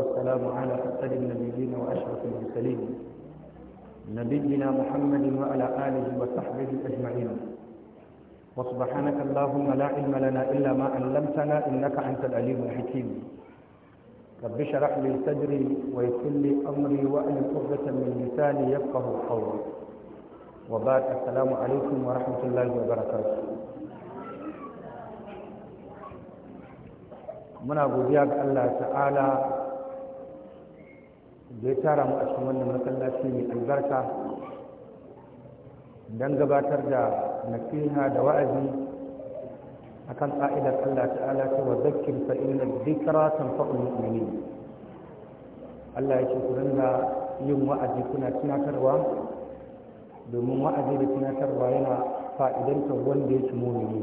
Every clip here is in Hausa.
والسلام على أسد النبيين وأشرف المرسلين نبينا محمد وعلى آله وصحبه أجمعين وسبحانك اللهم لا علم لنا إلا ما علمتنا إنك أنت العليم الحكيم رب اشرح لي صدري ويسر لي أمري وأن عقدة من لساني يفقه قولي وبعد السلام عليكم ورحمة الله وبركاته من أبو زياد Allah تعالى da ya tara mu a cikin wannan masallaci mai albarka don gabatar da nasiha da wa'azi akan ƙa'idar Allah ta'ala ta wa zakkir fa inna dhikra tanfa'u mu'minin Allah ya ce ku yin wa'azi kuna tunatarwa domin wa'azi da tunatarwa yana fa'idanta wanda ya ci mu'mini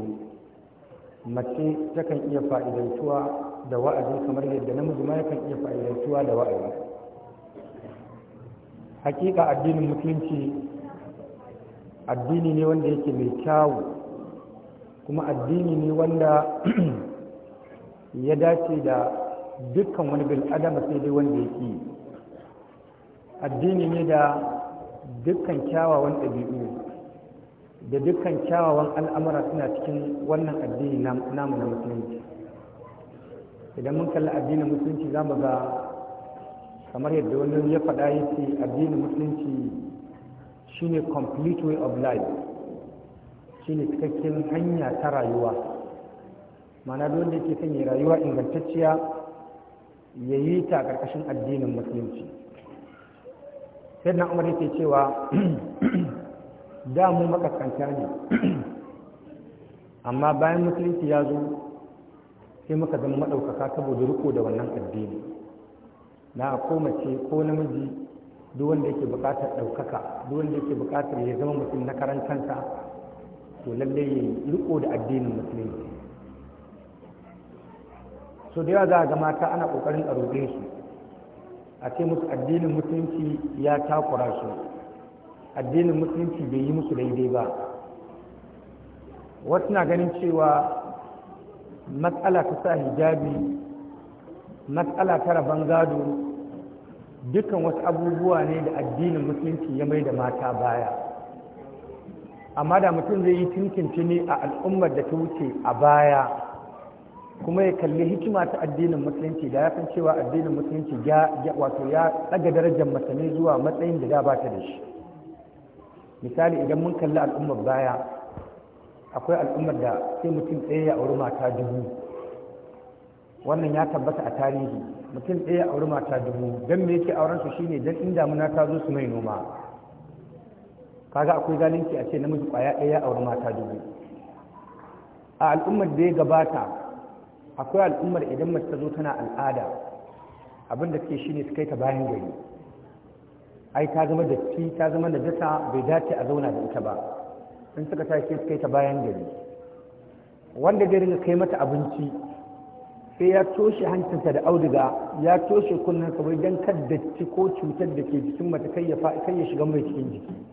mace takan iya fa'idantuwa da wa'azi kamar yadda namiji ma yakan iya fa'idantuwa da wa'azi hakika addinin musulunci addini ne wanda yake mai kyawu kuma addini ne wanda ya dace da dukkan wani bil'adama sai dai wanda yake addini ne da dukkan kyawawan ɗabi'u da dukkan kyawawan al'amura suna cikin wannan addini namu na musulunci idan mun kalli addinin musulunci za mu ga kamar yadda wani ya faɗa ya ce addinin musulunci shine complete way of life shine cikakken hanya ta rayuwa mana duk wanda yake sanya rayuwa ingantacciya ya yi ta ƙarƙashin addinin musulunci sai na umar yake cewa da mu makaskanta ne amma bayan musulunci ya zo sai muka zama maɗaukaka saboda riko da wannan addini na ko mace ko namiji duk wanda yake buƙatar ɗaukaka duk wanda yake buƙatar ya zama mutum na karantanta to lalle ya riko da addinin musulunci so da yawa za a ga mata ana ƙoƙarin a roƙe su a ce musu addinin musulunci ya takura su addinin musulunci bai yi musu daidai ba wasu na ganin cewa matsala ta sa hijabi matsala ta rabon gado dukkan wasu abubuwa ne da addinin musulunci ya mai da mata baya amma da mutum zai yi ne a al'ummar da ta wuce a baya kuma ya kalli hikima ta addinin musulunci da ya san cewa addinin musulunci ya wato ya tsaga darajar masane zuwa matsayin da da ba ta da shi misali idan mun kalli al'ummar baya akwai al'ummar da sai mutum tsaye ya auri mata dubu wannan ya tabbata a tarihi mutum ɗaya auri mata dubu don me yake auren su shine don inda Muna ta zo su mai noma kaga akwai zalunci a ce namiji kwaya ɗaya ya auri mata dubu a al'ummar da ya gabata akwai al'ummar idan mace ta zo tana al'ada abin da shi shine su kai ta bayan gari ai ta zama datti ta zama da jasa bai dace a zauna da ita ba in suka tashi su kai ta bayan gari wanda zai ringa kai mata abinci sai ya toshe hancinsa da auduga ya toshe kunnensa kamar don kaddaci ko cutar da ke jikin mata kai ya shiga mai cikin jiki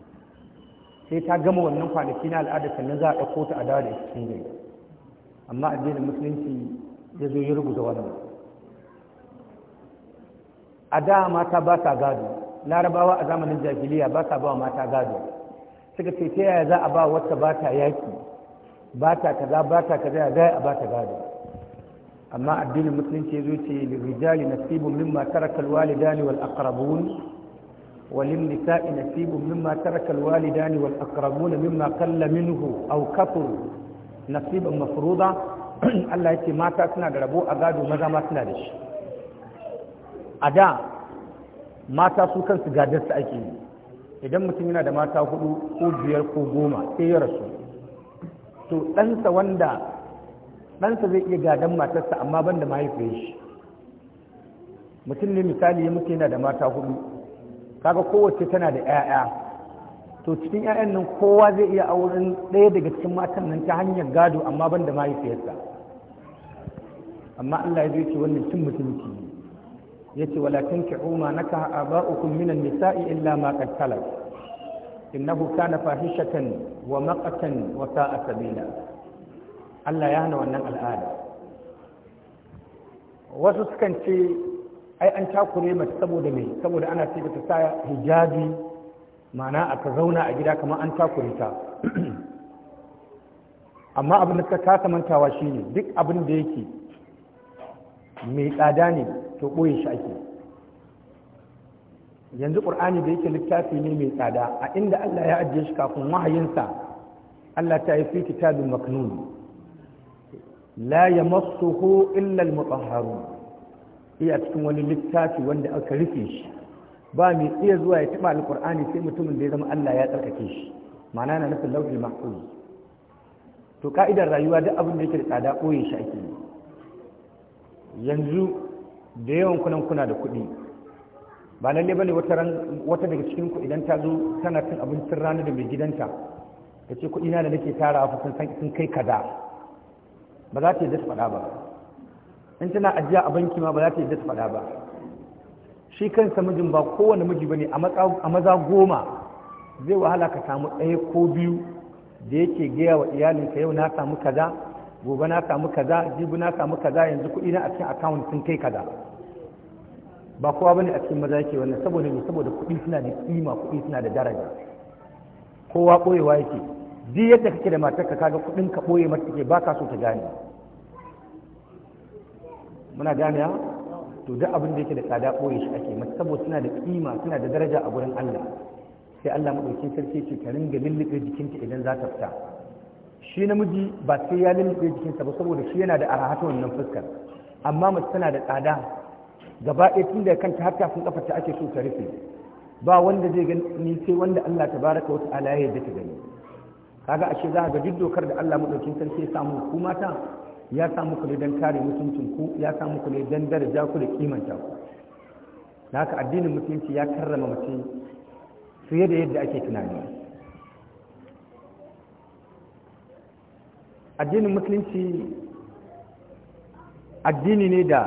sai ta gama wannan kwanaki na al'adar sannan za a ɗauko ta a dawo da cikin gari amma addinin musulunci ya zo ya rubuta wannan a da mata ba sa gado larabawa a zamanin jahiliya ba sa ba mata gado suka ce ta yaya za a ba wata ba ta yaki ba ta kaza ba ta kaza ya za a ba ta gado amma addinin musulunci zo ce lirijali nasibun mimma taraka alwalidani wal aqrabun walin nisa'i nasibun mimma taraka alwalidani wal aqrabun mimma qalla minhu aw kafur nasiban mafruda Allah ya ce mata suna da rabo a gado maza ma suna da shi a da mata su kansu gadar su ake yi idan mutum yana da mata hudu ko biyar ko goma sai ya rasu to ɗansa wanda ɗansa zai iya gadon matarsa amma ban da mahaifiyar shi mutum ne misali ya mutu yana da mata hudu kaga kowace tana da 'ya'ya to cikin 'ya'yan nan kowa zai iya auren ɗaya daga cikin matan nan ta hanyar gado amma ban da mahaifiyarsa amma Allah ya zai ce wannan cin mutunci ya ce wala tanki'u ma ba ukun minan nisa'i illa ma kattalar salaf innahu kana fahishatan wa maqatan wa sa'a sabila Allah ya hana wannan al'ada wasu sukan ce ai an takure mace saboda mai saboda ana ce ta sa hijabi ma'ana a ka zauna a gida kamar an takure ta amma abin da suka kasa mantawa shine duk abin da yake mai tsada ne to ɓoye shi ake yanzu ƙur'ani da yake littafi ne mai tsada a inda Allah ya ajiye shi kafin wahayinsa Allah ta yi fi kitabin maknun la yamassuhu illa illal mutahharun iya cikin wani littafi wanda aka rufe shi ba mai iya zuwa ya taba alqur'ani sai mutumin da ya zama Allah ya tsarkake shi ma'ana na nufin lauhul mahfuz to ka'idar rayuwa duk abin da yake da tsada koyi shi ake yanzu da yawan kunan kuna da kuɗi ba lalle bane wata ran wata daga cikin ku idan ta zo tana cin abincin rana da mai gidanta ta ce kuɗi na da nake tara fa sun kai kaza ba za ta yi faɗa ba in tana ajiya a banki ma ba za ta yi faɗa ba shi kansa mijin ba kowane miji ba ne a maza goma zai wahala ka samu ɗaya ko biyu da yake gaya wa iyalinka yau na samu kaza gobe na samu kaza jibi na samu kaza yanzu kuɗi na a cikin akawun sun kai kaza ba kowa bane a cikin maza yake wannan saboda ne saboda kuɗi suna da kima kuɗi suna da daraja kowa ɓoyewa yake duk yadda kake da matar ka kaga kudin ka boye mata take baka so ta gane muna gane ha to duk abin da yake da tsada boye shi ake mata saboda suna da kima suna da daraja a wurin Allah sai Allah madaukakin sarki ce ka ringa lullube jikinta idan za ta fita shi namiji ba sai ya lullube jikinsa ba saboda shi yana da arahata wannan fuskar amma mace tana da tsada gaba ɗaya tun da kanta har kafin ta ake so ta rufe ba wanda zai gani sai wanda Allah tabaraka wa ta'ala ya yarda ta gani kaga ashe za ga duk dokar da Allah madaukin sarki ya samu ku mata ya samu ku ne kare mutuncin ku ya samu ku dan daraja ku da kimanta ku haka addinin musulunci ya karrama mace fiye da yadda ake tunani addinin musulunci addini ne da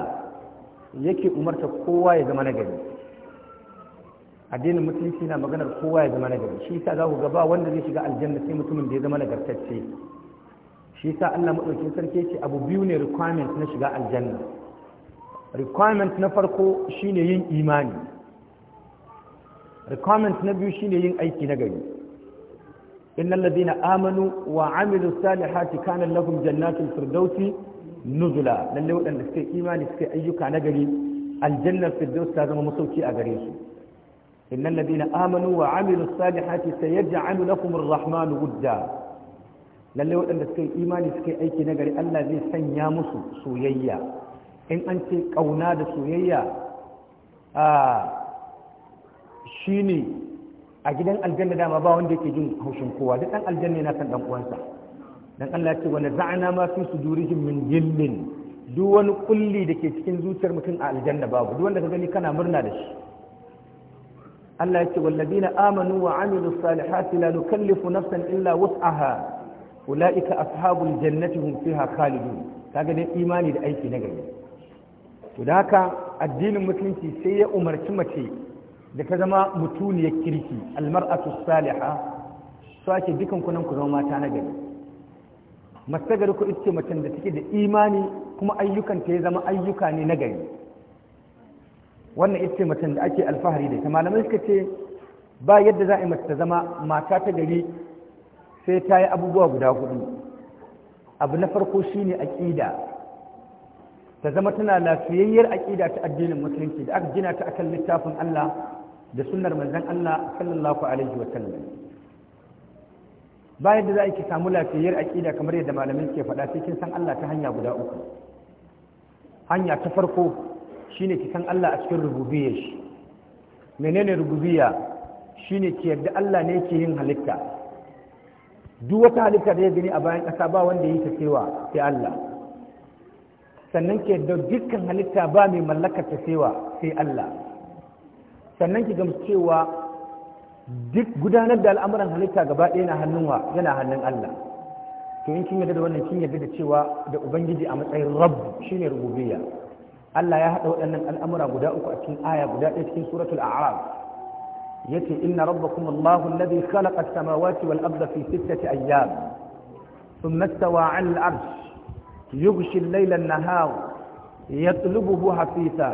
yake umarta kowa ya zama nagari addinin musulunci na maganar kowa ya zama nagari shi yasa za ku ga ba wanda zai shiga aljanna sai mutumin da ya zama nagartacce shi yasa Allah madaukakin sarki ce abu biyu ne requirement na shiga aljanna requirement na farko shine yin imani requirement na biyu shine yin aiki na gari innal ladina amanu wa amilus salihati kana lahum jannatul firdausi nuzula lalle waɗanda suka imani suka ayyuka nagari aljannar firdaus ta zama masauki a gare su innal ladina amanu wa amilus salihati sayaj'alu lakum ar-rahmanu wudda lalle waɗanda suka yi imani suka yi aiki na gari Allah zai sanya musu soyayya in an ce kauna da soyayya a shine a gidan aljanna dama ba wanda yake jin haushin kowa duk dan aljanna na san dan uwansa dan Allah ya ce wa naza'na ma fi sudurihim min jillin duk wani kulli da ke cikin zuciyar mutum a aljanna babu du wanda ka gani kana murna da shi Allah yake walladina amanu wa amilus salihati la nukallifu nafsan illa wus'aha ulaika ashabul jannati hum fiha khalidun kaga dai imani da aiki na gari to da haka addinin musulunci sai ya umarci mace da ta zama mutuniyar kirki almar'atu saliha so ake dukan kunan ku zama mata na gari mace ku ita macen da take da imani kuma ayyukanta ya zama ayyuka ne na gari wannan ita ce macen da ake alfahari da ita malamai suka ce ba yadda za a yi mace ta zama mata ta gari sai ta yi abubuwa guda hudu abu na farko shine aƙida ta zama tana lafiyayyar aƙida ta addinin musulunci da aka gina ta akan littafin Allah da sunnar manzon Allah sallallahu alaihi wa ba yadda za a yi samu lafiyayyar aƙida kamar yadda malamai ke faɗa sai kin san Allah ta hanya guda uku hanya ta farko shine ki san Allah a cikin rububiyar shi menene rububiyya shine ki yarda Allah ne yake yin halitta duk wata halitta da ya gani a bayan ƙasa ba wanda yi ta sewa sai Allah sannan ki yarda dukkan halitta ba mai mallakar ta cewa sai Allah sannan ki gamsu cewa duk gudanar da al'amuran halitta gaba ɗaya na hannun wa yana hannun Allah to in kin yarda da wannan kin yarda da cewa da ubangiji a matsayin rabb shine rububiyya Allah ya haɗa waɗannan al'amura guda uku a cikin aya guda ɗaya cikin suratul a'raf yace inna rabbakum Allahu alladhi khalaqa as-samawati wal arda fi sittati ayyam thumma istawa 'ala al-'arsh yughshi al-layla an-nahar yatlubuhu hafisa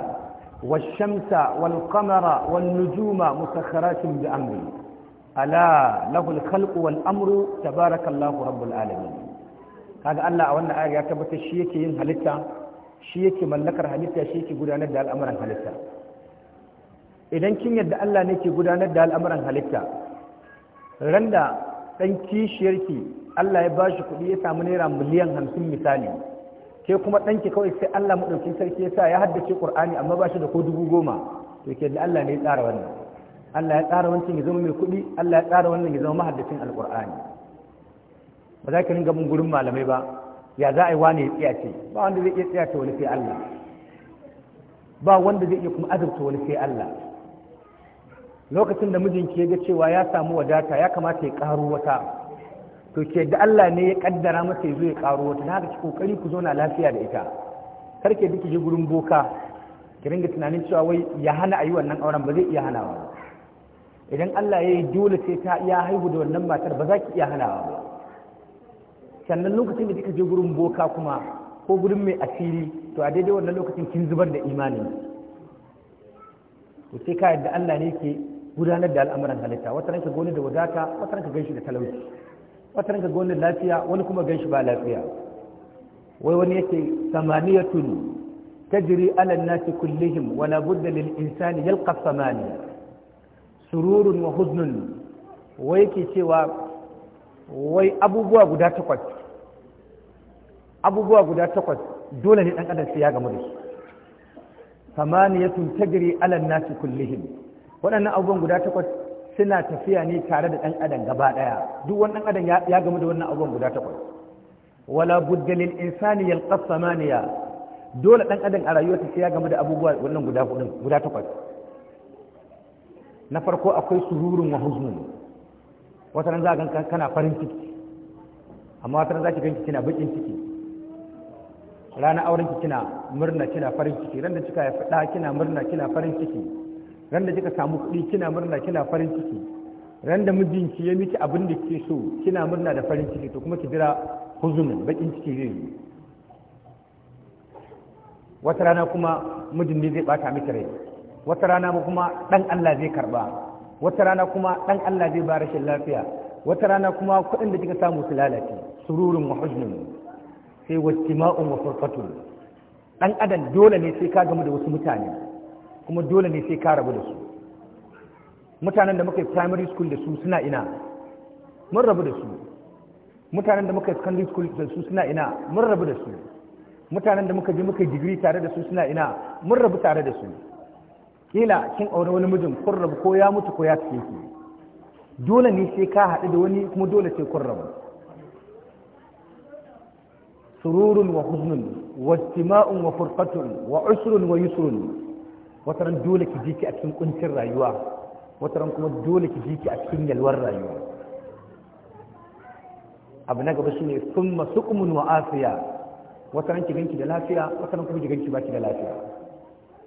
والشمس والقمر والنجوم مسخرات بأمره ألا له الخلق والأمر تبارك الله رب العالمين هذا الله أولا آية كبت الشيكين هلتا shi yake mallakar halitta shi yake gudanar da al'amuran halitta idan kin yadda Allah ne ke gudanar da al'amuran halitta randa dan kishiyarki Allah ya bashi kuɗi ya samu naira miliyan hamsin misali ke kuma ɗanki kawai sai Allah maɗauki sarki ya sa ya haddace Qur'ani amma ba shi da ko dubu goma to ke da Allah ne ya tsara wannan Allah ya tsara wancan ya zama mai kuɗi Allah ya tsara wannan ya zama mahaddacin alƙur'ani ba za ka ringa bin gurin malamai ba ya za a yi wani ya tsiyace ba wanda zai iya tsiyace wani sai Allah ba wanda zai iya kuma azurta wani sai Allah lokacin da mijinki ya ga cewa ya samu wadata ya kamata ya karo wata to ke da Allah ne ya kaddara masa ya zo ya karo wata na haka ki kokari ku zauna lafiya da ita karke duk ji gurin boka ki ringa tunanin cewa wai ya hana ayi wannan auren ba zai iya hanawa idan Allah ya yi dole sai ta iya haihu da wannan matar ba za ki iya hanawa ba sannan lokacin da kika je gurin boka kuma ko gurin mai asiri to a daidai wannan lokacin kin zubar da imanin to sai ka yadda Allah ne ke gudanar da al'amuran halitta wata ranka goni da wadata wata ranka ganshi da talauci wata ranka goni lafiya wani kuma ganshi ba lafiya wai wani yake samaniyatun tajri ala nasi kullihim la budda lil insani yalqa samaniya sururun wa huznun wai yake cewa wai abubuwa guda takwas abubuwa guda takwas dole ne ɗan adam sai ya gamu da su sun tagiri alan nasi kullihim waɗannan abubuwan guda takwas suna tafiya ne tare da ɗan adam gaba ɗaya duk wani ɗan adam ya gamu da wannan abubuwan guda takwas wala buddalin insani insani yalqa samaniya dole ɗan adam a rayuwarsa sai ya gamu da abubuwa wannan guda takwas na farko akwai sururun wa wata nan za ka kana farin ciki amma wata nan za ki ganki kina bakin ciki rana auren ki kina murna kina farin ciki ran da kika haifi fada kina murna kina farin ciki ran da kika samu kuɗi kina murna kina farin ciki ran da mijinki ya miki abin da kike so kina murna da farin ciki to kuma ki jira huzunin bakin ciki zai yi wata rana kuma mijin ne zai bata miki rai wata rana kuma dan Allah zai karba wata rana kuma ɗan Allah zai ba rashin lafiya wata rana kuma kuɗin da kika samu su lalace sururin wa hujnun sai wajtima'un wa furqatun ɗan adam dole ne sai ka gamu da wasu mutane kuma dole ne sai ka rabu da su mutanen da muka yi primary school da su suna ina mun rabu da su mutanen da muka yi secondary school da su suna ina mun rabu da su mutanen da muka je muka yi digiri tare da su suna ina mun rabu tare da su kila kin aure wani mijin kun rabu ko ya mutu ko ya fice ki dole ne sai ka haɗu da wani kuma dole sai kun rabu sururun wa huznun wa istima'un wa furqatun wa usrun wa yusrun wataran dole ki jiki a cikin kuncin rayuwa wataran kuma dole ki jiki a cikin yalwar rayuwa abu na gaba shine summa suqmun wa afiya wataran ki ganki da lafiya wataran kuma ki ganki ki da lafiya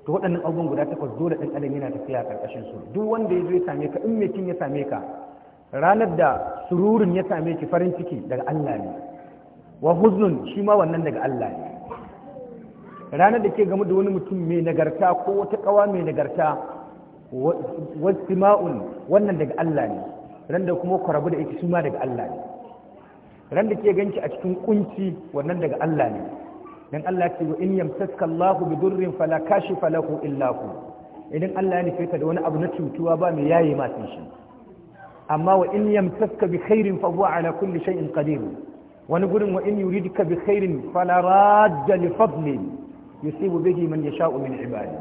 to waɗannan abubuwan guda takwas dole ɗan adam yana tafiya a ƙarƙashin su duk wanda ya zo ya same ka in mai kin ya same ka ranar da sururin ya same ki farin ciki daga Allah ne wa huzun shi ma wannan daga Allah ne ranar da ke gamu da wani mutum mai nagarta ko wata kawa mai nagarta ma'un wannan daga Allah ne ran da kuma kwarabu da ita su ma daga Allah ne ran da ke ganki a cikin kunci wannan daga Allah ne dan Allah ce in yamsaka Allahu bidurrin fala kashifa lahu illa hu idan Allah ya nufe ka da wani abu na cutuwa ba mai yaye ma sai shi amma wa in yamsaka bi khairin fa huwa ala kulli shay'in qadir wani gurin wa in yuridka bi khairin fala radda li fadli yusibu bihi man yasha'u min ibadi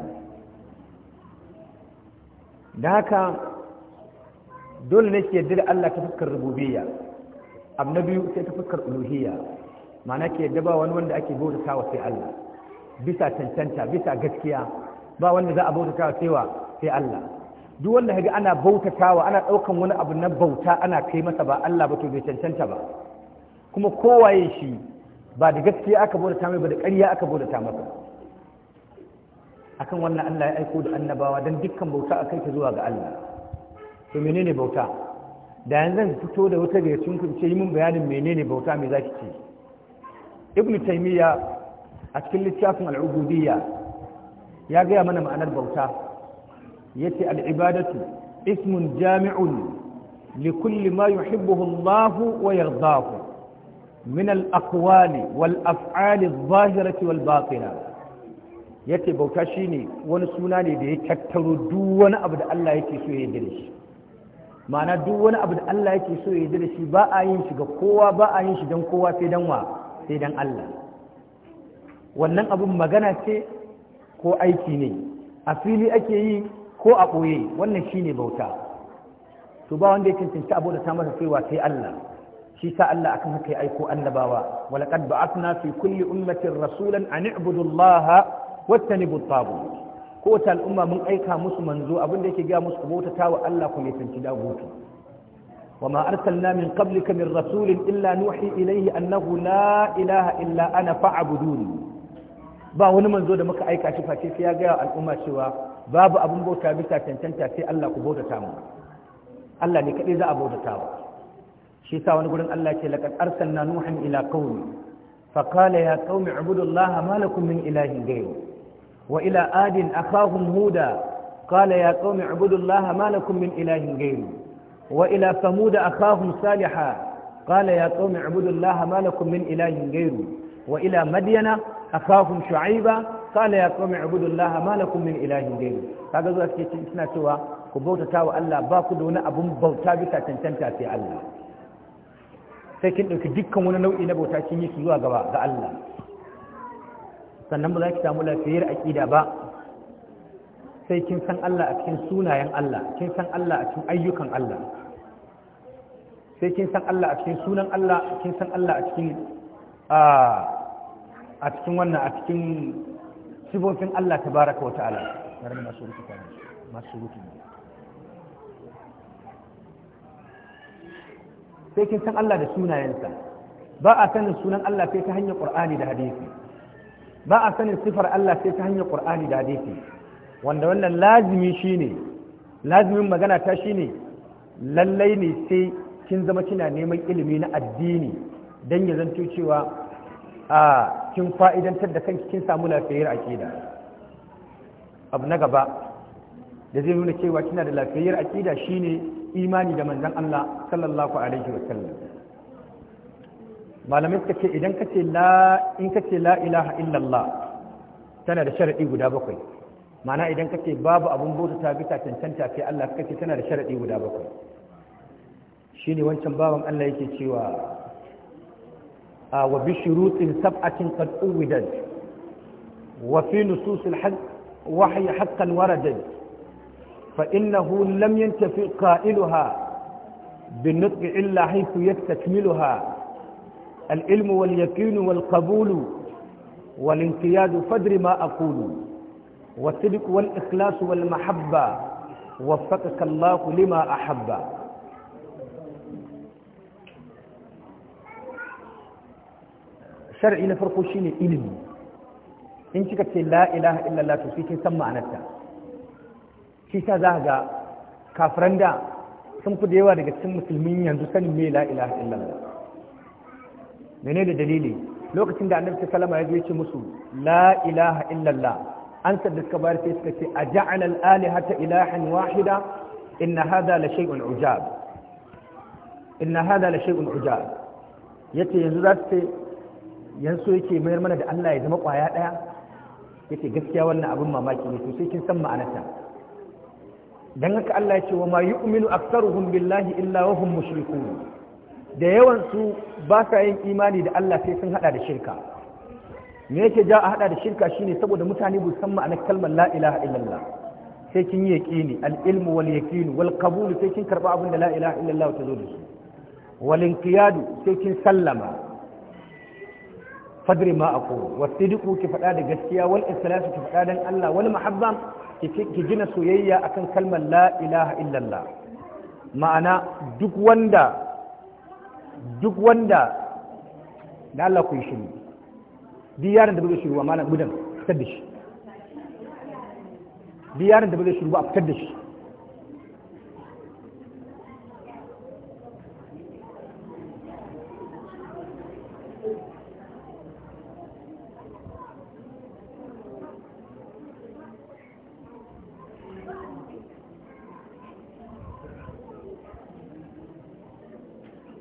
da haka dole ne ke dira Allah ta fuskar rububiyya abu na biyu sai ta fuskar uluhiyya ma'ana ke yadda ba wani wanda ake bautata wa sai Allah bisa cancanta bisa gaskiya ba wanda za a bautata wa sai wa sai Allah duk wanda kaga ana bautatawa ana daukan wani abu na bauta ana kai masa ba Allah ba to bai cancanta ba kuma kowaye shi ba da gaskiya aka bautata mai ba da ƙarya aka bautata masa akan wannan Allah ya aiko da annabawa dan dukkan bauta a kai ta zuwa ga Allah to menene bauta da yanzu fito da wata gaya sun ce yi mun bayanin menene bauta me zaki ce ibn taimiyya a cikin littafin al'ubudiyya ya gaya mana ma'anar bauta yace al'ibadatu ismun jami'un li kulli ma yuhibbuhu Allah wa yardahu min al-aqwali wal af'ali adh-dhahirati wal batina yace bauta shine wani suna ne da ya tattaro duk wani abu da Allah yake so ya yarda shi ma'ana duk wani abu da Allah yake so ya yarda da shi ba a yin shi ga kowa ba a yin shi dan kowa sai dan wa sai dan Allah wannan abun magana ce ko aiki ne a fili ake yi ko a ɓoye wannan shine bauta Su ba wanda ya cancanci abu da ta masa cewa sai Allah shi sa Allah akan haka ya aiko annabawa wa laqad ba'athna fi kulli ummatin rasulan an i'budu Allah wattanibu at-taghut al'umma mun aika musu manzo abin da yake gaya musu ku ta wa Allah ku da dagutu وما أرسلنا من قبلك من رسول إلا نوحي إليه أنه لا إله إلا أنا فاعبدوني ba wani manzo da muka aika shi face sai ya ga al'umma cewa babu abin bauta bisa tantanta sai Allah ku bautata mu Allah ne kadai za a bautata wa shi sa wani gurin Allah ce laqad arsalna nuhan ila qaumi fa qala ya qaumi ibudullaha ma lakum min ilahin ghayru wa ila adin akhahum huda qala ya qaumi ibudullaha ma lakum min ilahin ghayru وإلى ثمود أخاهم صالحا قال يا قوم اعبدوا الله ما لكم من إله غيره وإلى مدين أخاهم شعيبا قال يا قوم اعبدوا الله ما لكم من إله غيره kaga zuwa suke cikin suna cewa ku bautata wa Allah ba ku da wani abun bauta bisa cancanta sai Allah sai kin ɗauki dukkan wani nau'i na bauta kin yi zuwa gaba ga Allah sannan ba za ki samu lafiyar aƙida ba sai kin san Allah a cikin sunayen Allah kin san Allah a cikin ayyukan Allah sai kin san Allah a cikin sunan Allah kin san Allah a cikin a cikin wannan a cikin sifofin Allah tabaraka wa ta'ala garin masu rutu masu sai kin san Allah da sunayensa ba a sanin sunan Allah sai ta hanyar Qur'ani da hadisi ba a sanin sifar Allah sai ta hanyar Qur'ani da hadisi wanda wannan lazimi ne lazimin magana ta shine lallai ne sai kin zama kina neman ilimi na addini don ya zanto cewa a kin fa'idantar da kanki kin samu lafiyar akida abu na gaba da zai nuna cewa kina da lafiyayyar aƙida shine imani da manzan Allah sallallahu alaihi wasallam malamai suka ce idan kace la ilaha illallah tana da shari'i guda bakwai ma'ana idan kace babu abun bauta ta bisa cancanta kai Allah kace tana da sharadi guda bakwai shine wancan baban Allah yake cewa a wa bi shurutin sab'atin qad uwidat wa fi nusus al-haq wahyi haqqan waradat fa innahu lam yantafi qa'iluha بالنطق إلا حيث يستكملها العلم واليقين والقبول والانقياد فدر ما أقول والصدق والإخلاص والمحبة وفقك الله لما أحب شرعي نفرق شيني إلمي in kika ce la ilaha illallah to kin san ma'anarta shi sa za ga kafiran da sun fi da yawa daga cikin musulmin yanzu sanin me la ilaha illallah mene da dalili lokacin da annabi sallama ya ce musu la ilaha illallah an da suka bayar sai suka ce a ja'ala al hata ilahan wahida inna hada la shay'un ujab inna hada la shay'un ujab yace yanzu za su ce yanzu yake mayar mana da Allah ya zama kwaya daya yace gaskiya wannan abin mamaki ne to sai kin san ma'anarta dan haka Allah ya ce wa ma yu'minu aktsaruhum billahi illa wa hum mushrikun da yawan su ba sa yin imani da Allah sai sun hada da shirka me yake ja a hada da shirka shine saboda mutane bu san ma'anar kalmar la ilaha illallah sai kin yi yaqini al ilmu wal yaqin wal qabul sai kin karba abin da la ilaha illallah ta zo da shi wal inqiyadu sai kin sallama fadri ma aqul wa sidqu ki fada da gaskiya wal ikhlasu ki fada dan Allah wal mahabba ki gina soyayya akan kalmar la ilaha illallah ma'ana duk wanda duk wanda da Allah ku yi shiru bi yaran da ba zai shiru malam gudan fitar da shi bi yaran da ba zai shiru a fitar da shi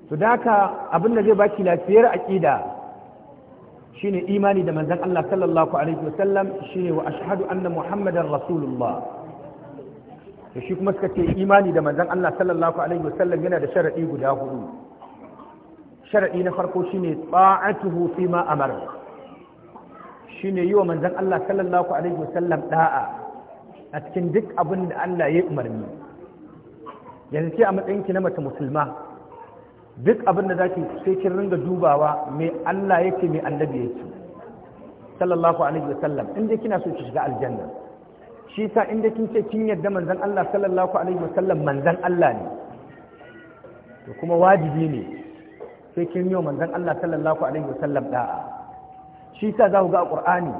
to da haka abin da zai baki lafiyar aƙida shine imani da manzon Allah sallallahu alaihi wasallam shine wa ashhadu anna muhammadar rasulullah to shi kuma suka ce imani da manzon Allah sallallahu alaihi wasallam yana da sharadi guda hudu sharadi na farko shine ta'atuhu fi ma amara shine yi wa manzon Allah sallallahu alaihi wasallam da'a a cikin duk abin da Allah ya umarni yanzu ce a matsayin ki na mata musulma duk abin da ki sai kin ringa dubawa me Allah yake me annabi yake sallallahu alaihi wasallam inda kina so ki shiga aljanna shi sa inda kin ce kin yadda manzon Allah sallallahu alaihi wasallam manzon Allah ne to kuma wajibi ne sai kin yi manzon Allah sallallahu alaihi wasallam da'a shi sa za ku ga alqur'ani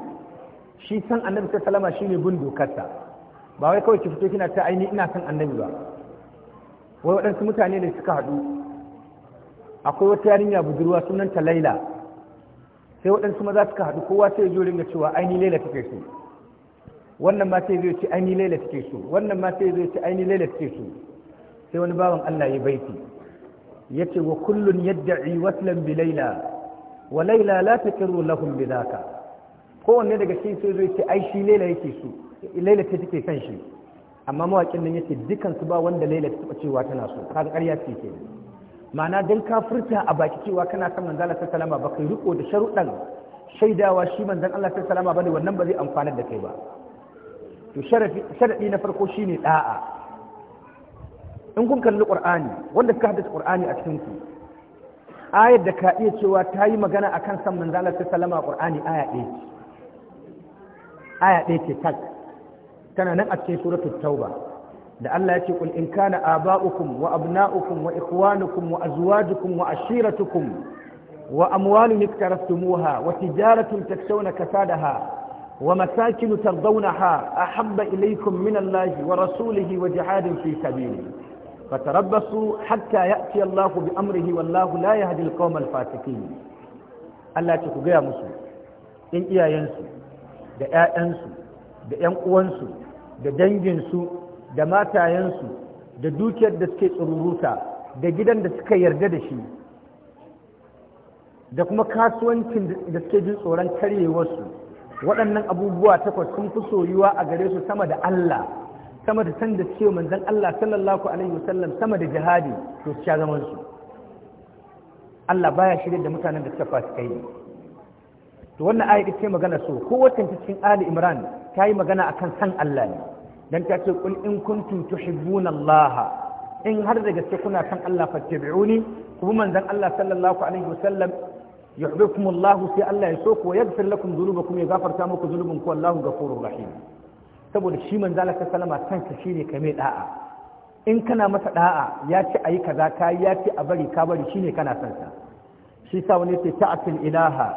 shi san annabi sallallahu alaihi wasallam shine bin dokarsa ba wai kawai ki fito kina ta aini ina san annabi ba wai waɗansu mutane ne suka haɗu akwai wata yarinya budurwa sunanta laila sai waɗansu maza suka haɗu kowa sai ya zo ringa cewa aini laila take so wannan ma sai zai ce aini laila take so wannan ma sai zai ce aini laila take so sai wani bawan Allah ya baiti yace wa kullun yad'i waslan bi laila wa laila la takru lahum bidaka kowanne daga shi sai zai ce ai shi laila yake so laila ce take kan shi amma mawakin nan yace dukan su ba wanda laila ta taba cewa tana so kaga ƙarya ce ke ma'ana don kafirta a baki cewa kana san manzo Allah wasallam ba kai riko da sharuɗan shaidawa shi manzo Allah sallama ba ne wannan ba zai amfanar da kai ba to sharadi na farko shine da'a in kun kalli qur'ani wanda suka haddace qur'ani a cikin ku ayar da ka iya cewa ta yi magana akan san manzan Allah a qur'ani aya ɗaya aya ɗaya ce tak tana nan a cikin suratul tauba da Allah ya ce kul in kana aba'ukum wa abna'ukum wa ikhwanukum wa azwajukum wa ashiratukum wa amwalun iktaraftumuha wa tijaratun taksawna kasadaha wa masakin tardawnaha ahabba ilaykum min Allah wa rasulihi wa jihadin fi sabili fatarabbasu hatta ya'ti Allah bi amrihi wallahu la yahdi al-qawma Allah ya ce ku ga musu in iyayensu da ƴaƴansu da ƴan uwansu da danginsu da matayensu da dukiyar da suke tsururuta da gidan da suka yarda da shi da kuma kasuwancin da suke jin tsoron karyewarsu waɗannan abubuwa takwas sun fi soyuwa a gare su sama da Allah sama da san da suke manzon Allah sallallahu alaihi wasallam sama da jihadi to su zaman su Allah baya shirya da mutanen da suka kai ne to wannan ayat ce magana so ko wacce cikin Ali Imran ta yi magana akan san Allah ne dan ta ce kul in kuntum tuhibbuna in har da gaske kuna san Allah kuma manzon Allah sallallahu alaihi wasallam yuhibbukum sai Allah ya so ku yaghfir lakum dhunubakum ya gafarta muku dhunubun ku Allahu ghafurur rahim saboda shi manzon Allah sallama kansa shine kame da'a in kana masa da'a ya ce ayi kaza kai ya ce a bari ka bari shine kana san sa shi sa wani ce ta'atil ilaha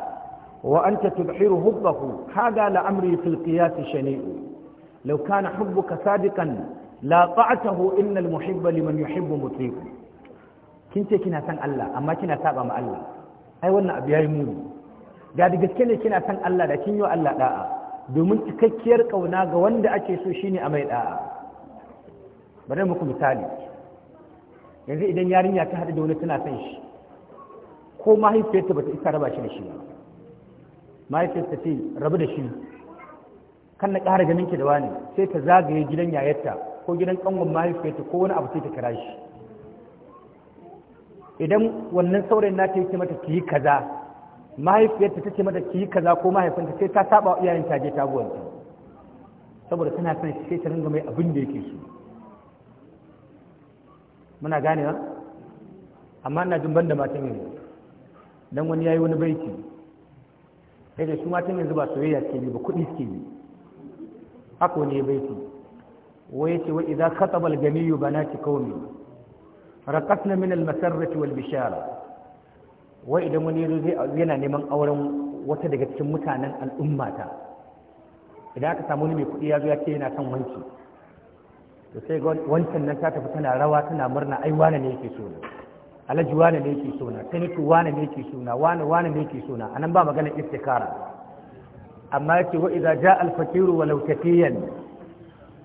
wa anta tudhiru hubbahu hada la amri fil qiyas shani'u law kana hubbuka sadiqan la ta'atahu innal muhibba liman yuhibbu mutiq kin ce kina san Allah amma kina saba ma Allah ai wannan abu yayi muni da da gaske ne kina san Allah da kin yi Allah da'a domin cikakkiyar kauna ga wanda ake so shine a mai da'a bari muku misali yanzu idan yarinya ta haɗu da wani tana son shi ko mahaifiyarta ba ta isa raba shi da shi ba mahaifiyarta ce rabu da shi kan na ƙara ganin ki da wani sai ta zagaye gidan yayarta ko gidan ƙangon mahaifiyarta ko wani abu sai ta kira shi idan wannan saurayin na ta yi mata ki yi kaza mahaifiyarta ta ce mata ki yi kaza ko mahaifinta sai ta saba iyayen ta je ta buwanta saboda tana son sai ta ringa mai abin da yake so muna gane ba amma ina jin banda matan yanzu dan wani yayi wani baiti sai da su matan yanzu ba soyayya suke yi ba kuɗi suke yi haka ne baiti wai yace wa idza khataba al-gamiyu banati qaumi raqatna min al-masarrati wal bishara wai idan wani yazo zai yana neman auren wata daga cikin mutanen al'ummata idan aka samu wani mai kuɗi ya zo ya ce yana son wanki to sai wancan nan ta tafi tana rawa tana murna ai wane ne yake so alhaji wane ne yake so na sanatu wane ne yake so na wane wane ne yake so na anan ba magana istikara amma yake wa idza jaa al faqiru walau taqiyan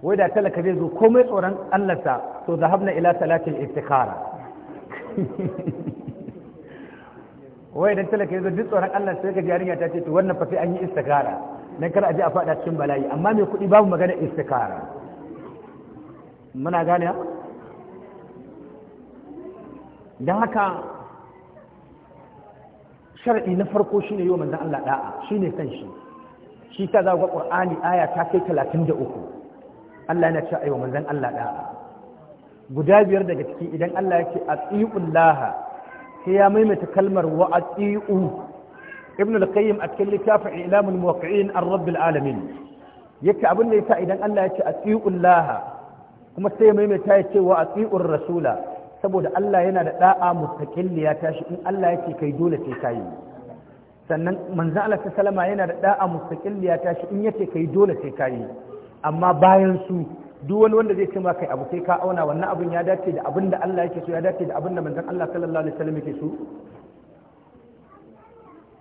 wai da talaka zai zo komai tsoron Allah sa to habna ila talatin istikhara wai idan talaka zai duk tsoron Allah sai ka ji yarinya ta ce to wannan fa sai an yi istikhara dan kar a ji a fada cikin bala'i amma mai kuɗi babu magana istikhara muna gane dan haka shar'i na farko shine yau manzon Allah da'a shine kan shi shi sa za ga ƙur'ani aya ta kai talatin da uku Allah yana cewa aiwa manzan Allah ɗa'a guda biyar daga ciki idan Allah ya ce a laha sai ya maimaita kalmar wa a ibn al-qayyim a cikin littafin ilamul muwaqqi'in ar-rabbil alamin yake abin da yasa idan Allah ya ce a laha kuma sai ya maimaita ya ce wa a rasula saboda Allah yana da ɗa'a mustaqilliya tashi in Allah ya ce kai dole sai ka yi sannan manzo Allah ta salama yana da da'a mustaqilliya ta shi in yace kai dole sai kai amma bayan su duk wani wanda zai ce ma kai abu sai ka auna wannan abun ya dace da abin da Allah yake so ya dace da abin da manzon Allah sallallahu alaihi wasallam yake so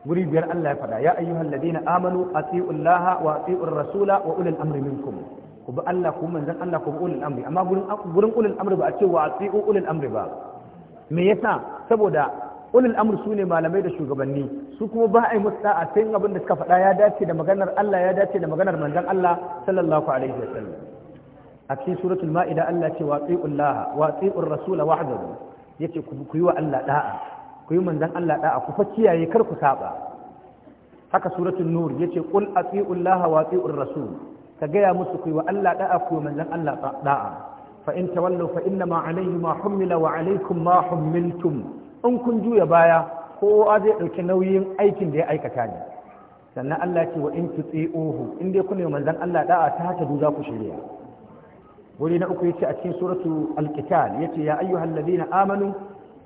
guri biyar Allah ya faɗa ya ayyuhal ladina amanu atiullaha wa atiur rasula wa ulil amri minkum ku bi Allah ku manzon Allah ku bi ulil amri amma gurin gurin ulil amri ba a ce wa atiu ulil amri ba me yasa saboda ulul amr su ne malamai da shugabanni su kuma ba a yi musu da'a sai abin da suka faɗa ya dace da maganar Allah ya dace da maganar manzon Allah sallallahu alaihi wa sallam a cikin suratul ma'ida Allah ce wa tsi'ullaha wa tsi'ur rasula wahdahu yace ku yi wa Allah da'a ku yi manzon Allah da'a ku fa kiyaye kar ku saba haka suratul nur yace qul ati'ullaha wa ati'ur rasul ka gaya musu ku yi wa Allah da'a ku manzon Allah da'a fa in tawallu fa inna ma alayhi ma hummila wa alaykum ma hummiltum in kun juya baya kowa zai ɗauki nauyin aikin da ya aikata ne sannan Allah ce wa in tuti'uhu in dai kuna manzon Allah da'a ta ta za ku shirya wuri na uku yace a cikin suratu al-qital yace ya ayyuhal ladina amanu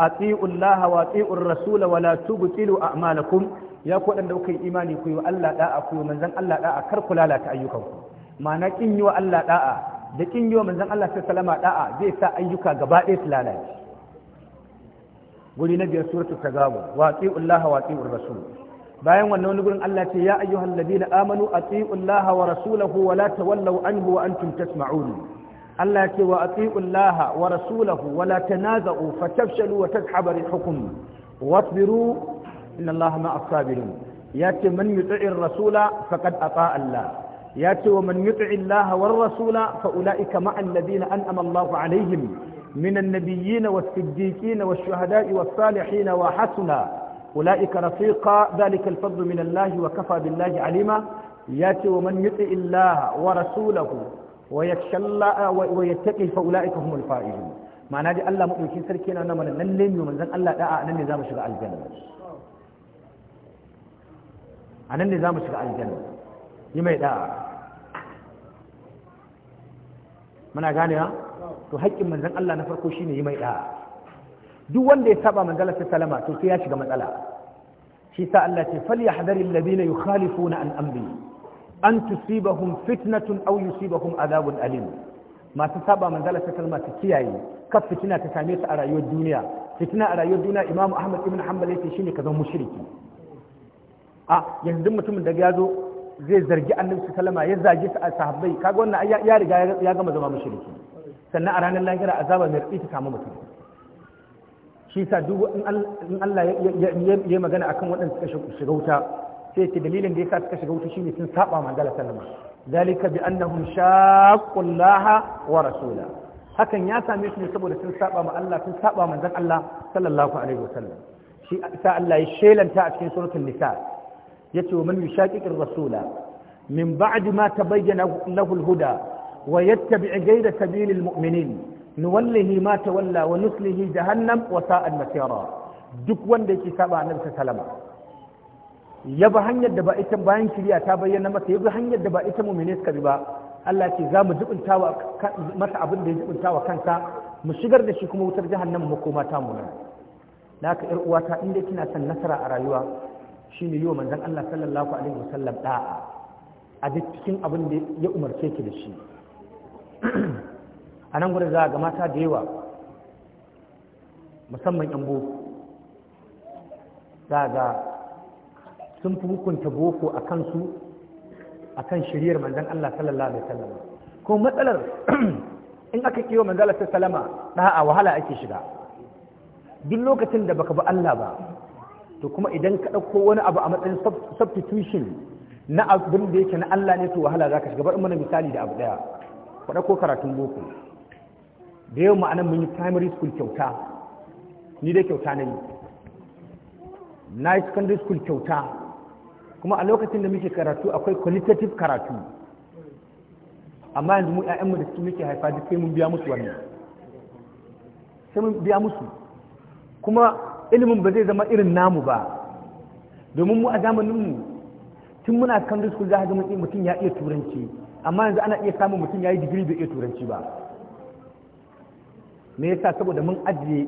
ati'u Allah wa ati'u ar-rasul wa la tubtilu a'malakum ya ku dan kuka yi imani ku yi wa Allah da'a ku manzon Allah da'a kar ku lalata ayyukanku ma'ana kin yi wa Allah da'a da kin yi wa manzon Allah sallallahu alaihi wasallam da'a zai sa ayyuka gaba ɗaya su lalace guri na biyar suratul tagabun wati'u Allah wa ati'u rasul bayan wannan wani gurin Allah ce ya ayyuhal ladina amanu ati'u llaha wa rasulahu wa la tawallu anhu wa antum tasma'un Allah ce wa ati'u llaha wa rasulahu wa la tanaza'u fatafshalu wa tadhhabu rihukum wasbiru inna ma'a as sabirin yace man yuti'ir rasula faqad ata Allah yace wa man yuti'illaha war rasula fa ulaika ma'al ladina an'ama Allahu alaihim من النبيين والصديقين والشهداء والصالحين وحسنا أولئك رفيقا ذلك الفضل من الله وكفى بالله عليما ياتي ومن يطع الله ورسوله ويخشى الله ويتقي فأولئك هم الفائزون ما نادي الله maɗaukin sarki أنا من lalle ne manzon الله دعا أن النظام za الجنة أن النظام a الجنة ne دعا من shiga to haƙƙin manzan Allah na farko shine yi mai ɗa'a? duk wanda ya saba manzala ta salama to sai ya shiga matsala shi sa Allah ce fal khalifu alladhina yukhalifuna an amri an tusibahum fitnatun aw yusibahum adhabun alim masu saba manzala ta salama su kiyaye kaf fitina ta same su a rayuwar duniya fitina a rayuwar duniya Imam Ahmad ibn Hanbal yace shine ka zama mushriki a yanzu mutumin da ya zo zai zargi annabi sallama ya zagi sahabbai kaga wannan ya riga ya gama zama mushriki sannan a ranar lahira azaba mai raɗi ta kama mutum shi sa duk in Allah ya magana akan waɗanda suka shiga wuta sai ce dalilin da yasa suka shiga wuta shine sun saba manzala sallama zalika bi annahum shaqqullaha wa rasula hakan ya same su ne saboda sun saba ma Allah sun saba manzon Allah sallallahu alaihi wasallam shi sa Allah ya shelanta a cikin suratul nisa yace wa man yushaqiqir rasula min ba'di ma tabayyana lahu al-huda ويتبع غير سبيل المؤمنين نوله ما تولى ونسله جهنم وساء المسيرا duk wanda yake saba annabi ta salama ya bi hanyar da ba ita bayan shirya ta bayyana masa ya bi hanyar da ba ita mumine suka bi ba Allah ce za mu jibinta masa abin da ya jibinta wa kansa mu shigar da shi kuma wutar jahannama mu koma ta mu na ka yar uwata inda kina son nasara a rayuwa shine yiwa manzon Allah sallallahu alaihi wasallam da'a a duk cikin abin da ya umarce ki da shi a nan gudun za ga mata da yawa musamman yan boko za a ga sun fi hukunta boko a kansu a kan shiriyar manzan Allah sallallahu alaihi wasallama ko matsalar in aka kiwo manzan Allah sallama a wahala ake shiga duk lokacin da baka bi Allah ba to kuma idan ka ɗauko wani abu a matsayin substitution na abin da yake na Allah ne to wahala za zaka shiga bari mana misali da abu daya ku ko karatun boko da yau ma'anar mun yi primary school kyauta ni dai kyauta na yi na yi secondary school kyauta kuma a lokacin da muke karatu akwai qualitative karatu amma yanzu mu 'ya'yanmu da su muke haifa duk sai mun biya musu wannan sai mun biya musu kuma ilimin ba zai zama irin namu ba domin mu a zamaninmu tun muna secondary school za a zama mutum ya iya turanci amma yanzu ana iya samun mutum ya yi digiri bai iya turanci ba me yasa saboda mun ajiye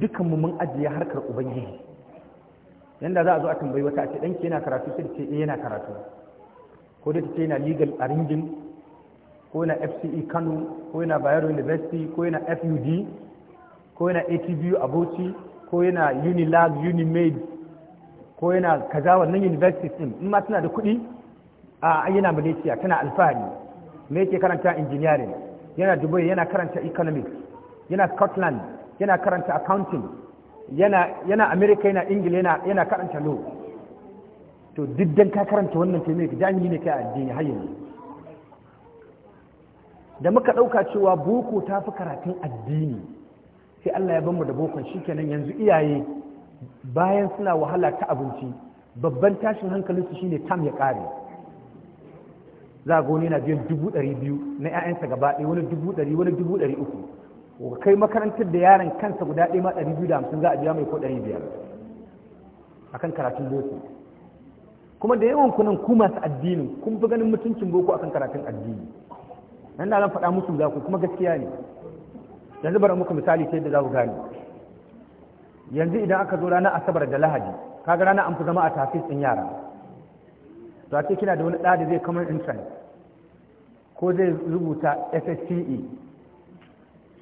dukanmu mun ajiye harkar ubangiji yanda za a zo a tambayi wata a ce ɗanki yana karatu sai ce eh, yana karatu ko da ce yana legal a ringin ko yana fce kano ko yana bayero university ko yana fud ko yana atbu a bauchi ko yana unilag unimade ko yana kaza wannan university in ma suna da kuɗi a yana malaysia tana alfahari me yake karanta engineering yana dubai yana karanta economics yana scotland yana karanta accounting yana yana america yana ingila yana karanta law to didden ka karanta wannan to me ka jami'i ne kai addini har yanzu da muka dauka cewa boko ta fi karatun addini sai Allah ya bamu da bokon shikenan yanzu iyaye bayan suna wahala ta abinci babban tashin hankalinsu shine tam ya kare za ga wani na biyan dubu ɗari biyu na 'ya'yansa gaba ɗaya wani dubu ɗari wani dubu ɗari uku kai makarantar da yaron kansa guda ɗaya ma ɗari biyu da hamsin za a biya mai ko ɗari biyar akan karatun boko kuma da yawan kunan ku masu addini kun fi ganin mutuncin boko akan karatun addini nan da zan faɗa musu za ku kuma gaskiya ne yanzu bari muku misali sai da za ku gane yanzu idan aka zo ranar asabar da lahadi kaga ranar an fi zama a tafis ɗin yara to a ce kina da wani ɗa da zai kamar intanet. ko zai rubuta SSTE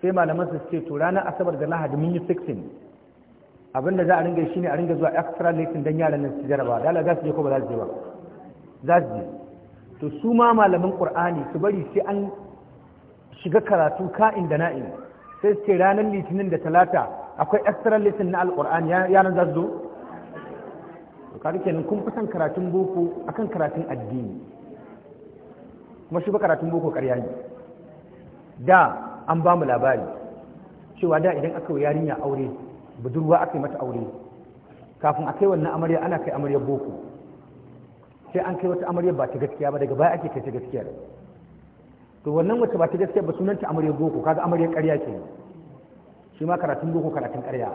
sai malaman su ce to ranar asabar da lahadi mun yi fixing abinda za a ringa shi ne a ringa zuwa extra lesson don yaran nan su jaraba dala za su je ko ba za su je ba za su je to su ma malaman qur'ani su bari sai an shiga karatu ka'in da na'in sai su ce ranar litinin da talata akwai extra lesson na alqur'ani yaran za su zo to kaga kenan kun son karatun boko akan karatun addini kuma shi ba karatun boko karya ne da an ba mu labari cewa da idan aka yi yarinya aure budurwa aka yi mata aure kafin a kai wannan amarya ana kai amarya boko sai an kai wata amarya ba ta gaskiya ba daga baya ake kai ta gaskiya to wannan wacce ba ta gaskiya ba sunanta amarya boko kaga amarya karya ke shi ma karatun boko karatun karya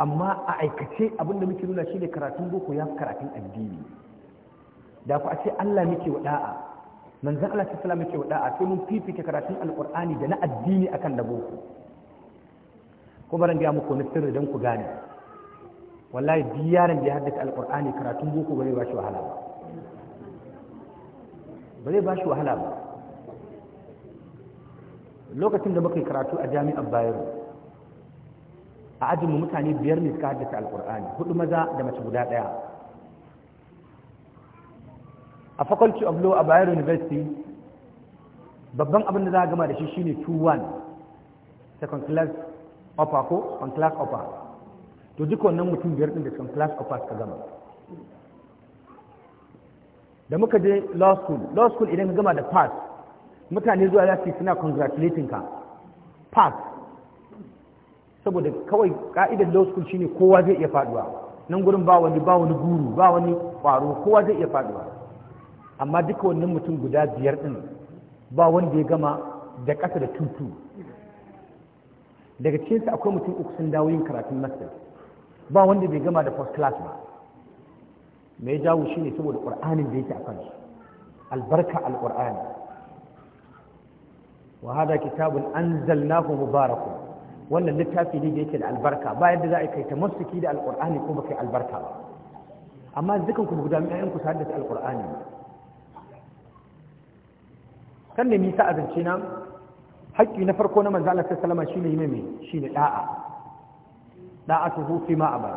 amma a aikace abin da muke nuna shi ne karatun boko ya fi karatun addini da ku a ce Allah muke wa da'a manzon Allah ta sallama muke wa da'a sai mun fifita karatun alqur'ani da na addini akan da boko kuma ran ga muku ne sirri dan ku gane wallahi biyaran da ya haddace alqur'ani karatun boko bare ba shi wahala ba bare ba shi wahala ba lokacin da muka yi karatu a jami'ar bayero a ajinmu mutane biyar ne suka haddasa Alƙur'ani, hudu maza da mace guda daya a faculty of law a bayar university babban abin da za a gama da shi shine 2-1 second class upper ko on class upper to duk wannan mutum biyar din da second class upper suka gama da muka je law school law school idan ka gama da pass mutane zuwa za su suna congratulating ka pass saboda kawai ka'idar law school shine kowa zai iya faduwa nan gurin ba wani ba wani guru ba wani kwaro kowa zai iya faduwa amma duka wannan mutum guda biyar ɗin ba wanda ya gama da ƙasa da tutu daga cikinsa akwai mutum uku sun dawo yin karatun master ba wanda bai gama da first class ba mai jawo shi ne saboda ƙur'anin da yake a kansu albarka alƙur'ani wa hada kitabun anzalnahu mubarakun wannan littafi ne da yake da albarka ba yadda za a kai ta masuki da alƙur'ani ko ba kai albarka ba amma dukan ku guda mi'ayan ku sa da al alƙur'ani kan da nisa a zance na haƙƙi na farko na manzo Allah sallallahu alaihi wasallam shine mai shine da'a da'atuhu fi ma abar